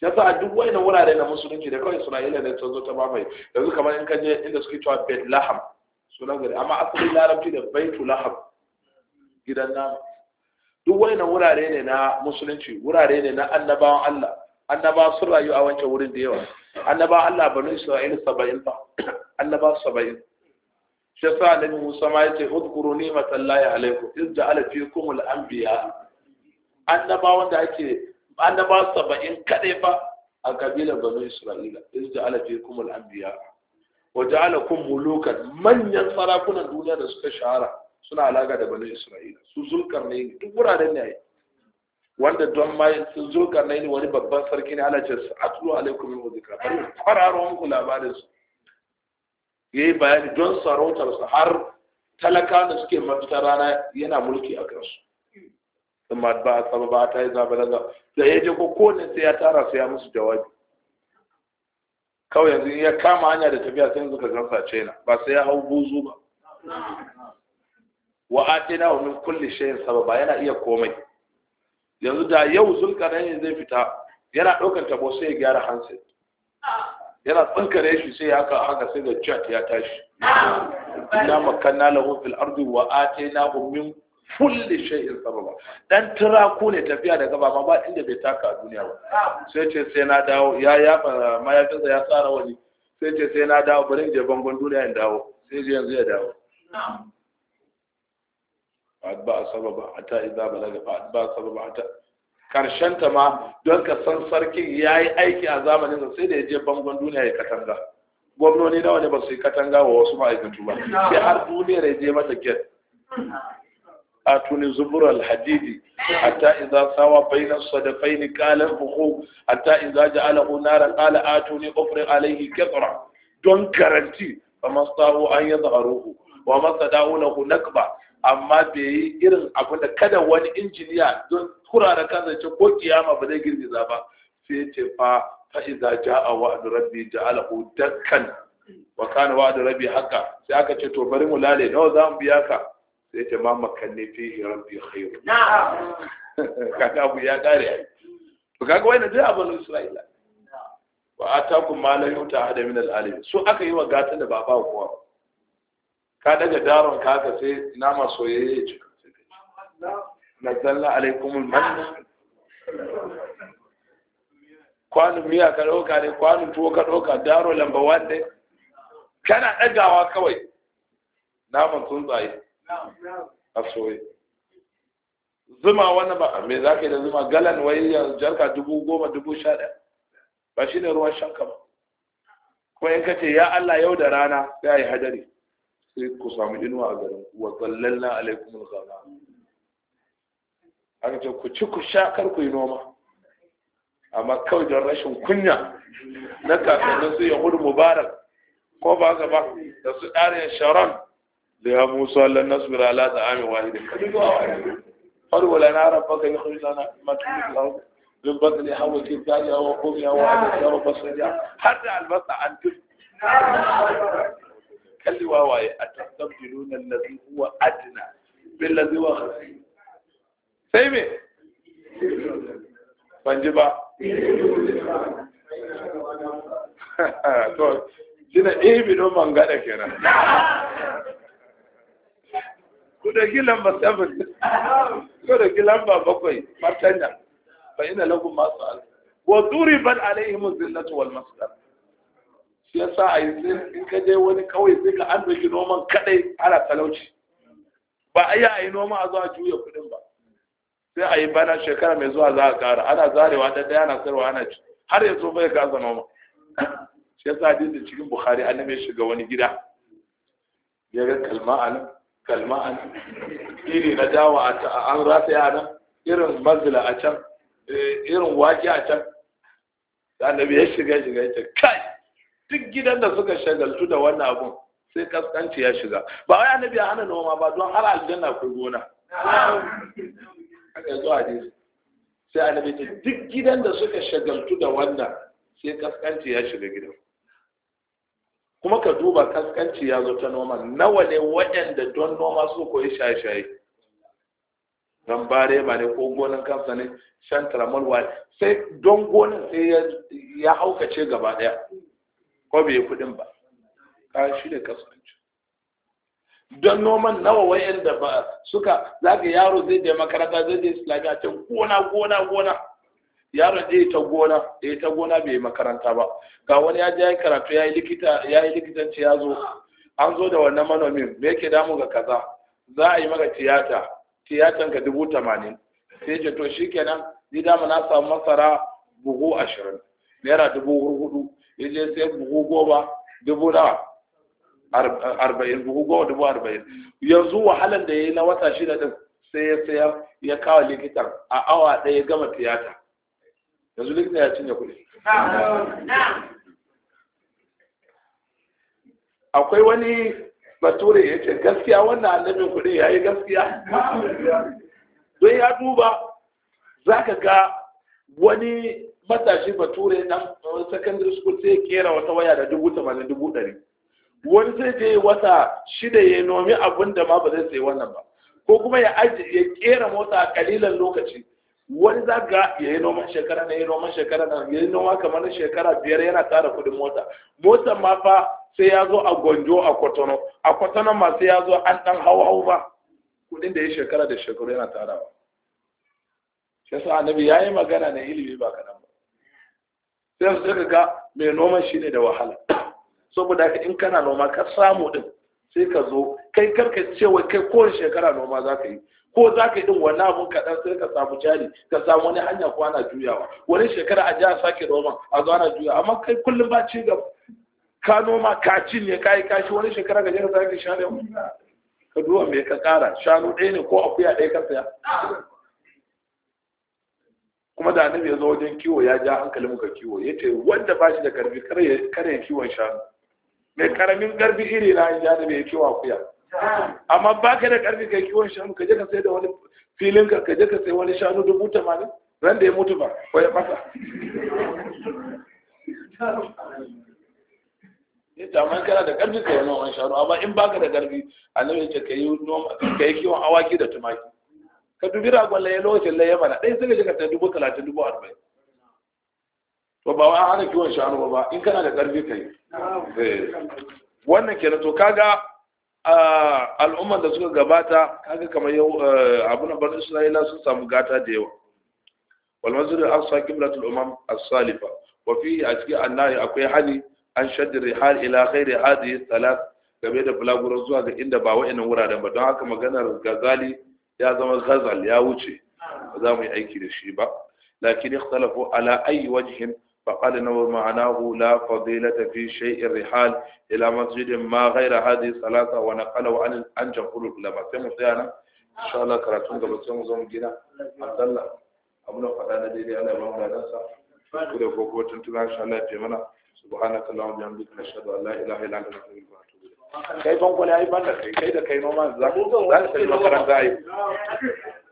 yasa a duk na wurare na musulunci da kawai Isra'ila ne ta zo ta mamaye yanzu kamar in kan je inda suke cewa Laham sunan gari amma asalin larabci da Baitul Laham gidan nama duk na wurare ne na musulunci wurare ne na annabawan Allah annaba sun rayu a wancan wurin da yawa annaba Allah banu Isra'ila saba'in ba, annaba saba'in shi sa annabi Musa ma yace udkuru ni'matallahi alaikum iz ja'ala fikum al-anbiya Annaba wanda ake annaba 70 kadai fa a kabila banu Isra'ila iz ja'ala fikum al-anbiya wa ja'alakum mulukan manyan sarakunan duniya da suka shahara suna alaka da banu Isra'ila su ne duk wuraren ne wanda don ma sun ne wani babban sarki ne ala ce atlu alaikum al-dhikra fararon ku labarin su ya yi bayani don sarautarsa har talaka da suke mafita rana yana mulki a kansu amma ba a tsaba ba ta yi zaba da ya je ko kowane sai ya tara sai ya musu jawabi kawai yanzu ya kama hanya da tafiya sai yanzu ka gansa china ba sai ya hau buzu ba wa atina wa min kulli shay'in sababa yana iya komai yanzu da yau zulkarnain zai fita yana ɗaukar tabo sai ya gyara handset yana tsinkare shi sai haka haka sai da chat ya tashi na makanna lahu fil ardi wa hum min kulli shay'in sababa dan tura ko ne tafiya da gaba ma ba inda bai taka a duniya ba sai ce sai na dawo ya ya mayafinsa ya tsara wani sai ce sai na dawo bari je bangon duniya in dawo sai je yanzu ya dawo ba sababa ata idza balaga ba sababa ata. karshen ta ma don ka san sarkin ya yi aiki a zamanin sai da ya je bangon duniya ya katanga gwamnoni nawa ne ba su yi katanga wa wasu ma'aikatu ba sai har duniyar ya je mata get a tuni zubur hadidi hatta idza sawa su baina sadafaini qala buhu hatta idza ja'alahu nara qala atuni ufri alayhi katra don karanti masu sawu an yadharuhu wa masada'u lahu nakba amma bai yi irin abin da kada wani injiniya don kura da kansa ce ko kiyama ba zai girgiza ba sai ce fa fa idza jaa wa'du rabbi ja'alahu dakkan wa kana wa'du rabbi haka sai aka ce to bari mu lale nawa za mu biya ka sai ce ma makanni fi rabbi khairu na'am kaga abu ya kare ai to kaga wannan duk abin Isra'ila wa atakum ma lam yuta hada min al-alim su aka yi wa gata da ba ba kowa ka daga daron ka ka sai nama ma soyayya ce nazzalna alaikumul manna Kwanu miya ka ɗauka ne kwanu tuwo ka ɗauka daro lamba wande. kana ɗagawa kawai naman tsuntsaye a soye zuma wani ba me za ka yi da zuma galan wai ya jarka dubu goma dubu sha ɗaya ba shi ne ruwan shanka ba kuma in ka ce ya Allah yau da rana Sai ya yi hadari sai ku samu inuwa a garin wa zallalna alaikumul ghamam aka ce ku ci ku sha kar ku yi noma amma kawai don rashin kunya na kakannin su yahudu mubarak ko ba haka ba da su ɗarin sharon da ya musu allah nasbir ala da ami wahidin ka duk wa wahidin har wala na rabba ka yi khuruj lana ma tudu lahu min batli hawa ki dali hawa qumi hawa ala hawa basriya har da albasa an duk kalli wawaye atastabdiluna allazi huwa adna bil ladhi huwa khayr sai me ban ji ba to jina ibi don man gada kenan ku da ki lamba 7 ku da ki lamba bakwai martanya fa ina masu al wa duribat alaihim zillatu wal masdar shi yasa ai in ka je wani kawai sai ka an doki noman kadai ala talauci ba a yi a yi noma a zuwa juya kudin ba sai a yi bana shekara mai zuwa za a ƙara ana zarewa ta ɗaya na sarwa ana ci har ya zo bai kasa noma shi sa hadisin cikin bukhari an ya shiga wani gida ya ga kalma a nan kalma a nan iri na dawa a an rataya a nan irin mazila a can eh, irin wake a can annabi ya shiga shiga ya ce kai duk gidan da suka shagaltu da wannan abun sai kaskanci ya shiga ba wai annabi ya hana noma ba don har aljanna ko gona haka a jesu sai a nabi duk gidan da suka shagaltu da wannan sai kaskanci ya shiga gidan kuma ka duba kaskanci ya zo ta noma nawa ne waɗanda don noma su koyi shaye-shaye don bare ma ne ko gonan kansa ne shan tramol sai don gonan sai ya haukace gaba ɗaya ko bai kuɗin ba ka shi ne don noman nawa wayanda ba suka zaka yaro zai je makaranta zai je islamiya can gona gona gona yaron zai ta gona zai ta gona bai yi makaranta ba ga wani ya je ya karatu ya yi likita ya yi likitanci ya zo an zo da wannan manomin me yake damu ga kaza za a yi maka tiyata tiyatan ka dubu tamanin sai ce to shikenan ni dama na samu masara buhu ashirin naira dubu hudu ya je sai buhu goma dubu nawa arba'in buhu goma dubu arba'in yanzu wahalan da ya yi na wata shida din sai ya saya ya kawo likitan a awa ɗaya gama tiyata yanzu likita ya cinye kuɗi akwai wani bature ya ce gaskiya wannan annabin kuɗi ya yi gaskiya don ya duba za ka ga wani matashi bature na secondary school sai ya kera wata waya da dubu tamanin dubu ɗari wani zai je wata shida ya nomi abin da ma ba zai sai wannan ba ko kuma ya aji ya kera mota a kalilan lokaci wani za ga ya yi noman shekara na ya yi noman shekara na ya yi noma kamar shekara biyar yana tara kudin mota mota ma fa sai ya zo a gwanjo a kwatano a kwatano ma sai ya zo an dan hau hau ba kudin da ya shekara da shekaru yana tarawa shi yasa annabi ya yi magana na ilimi ba kaɗan ba sai su ga mai noman shi ne da wahala saboda haka in kana noma ka samu din sai ka zo kai karka cewa kai kowace shekara noma za ka yi ko za ka yi din wani abun kaɗan sai ka samu jari ka samu wani hanya ko ana juyawa wani shekara a jiya sake noma a zo ana juyawa amma kai kullum ba ci gaba ka noma ka cinye ka yi kashi wani shekara ka je ka sake share ka duba me ka ƙara shanu ɗaya ne ko akuya ɗaya ka saya kuma da annabi ya zo wajen kiwo ya ja hankalin ka kiwo ya ce wanda ba shi da karfi kare kiwon shanu mai karamin karfi iri na ya da mai kiwa kuya amma ba ka da karfi kai kiwon shanu ka je ka sai da wani filin ka ka je ka sai wani shanu dubu tamanin ran da ya mutu ba ko ya fasa ya man kana da karfi ka yi noman shanu amma in ba ka da karfi annabi ce ka yi kai kiwon awaki da tumaki ka dubi ragon laye lokacin laye mana ɗaya sai ka je ka sai dubu talatin dubu arba'in to ba wa hana kiwon shanu ba in kana da karfi ka yi Eh. wannan kenan to kaga al'ummar da suka gabata kaga kamar yau eh, abuna bar isra'ila sun samu gata da yawa walmazuri an sa aqsa qiblatul umam as-salifa wa fi a cikin annahi akwai hali an shaddi rihal ila khairi hadhihi thalath game da bulaguran zuwa ga inda ba wa'annan wuraren ba don haka maganar gazali ya zama gazal ya wuce ba za mu yi aiki da shi ba lakin ikhtalafu ala ayi wajhin فقد نور معناه لا فضيلة في شيء الرحال إلى مسجد ما غير هذه الصلاة ونقله عن عن جمهور العلماء سمو سيانا إن شاء الله كراتون قبل سمو زوم جينا عبد الله أبونا فدانا ديري أنا إمام دانسا كل فوقو تنتنا إن شاء الله في منا سبحانك اللهم وبحمدك نشهد أن لا إله إلا أنت نستغفرك ونتوب إليك kai ban kwale ai ban da kai kai da kai noma za ka yi makaranta ai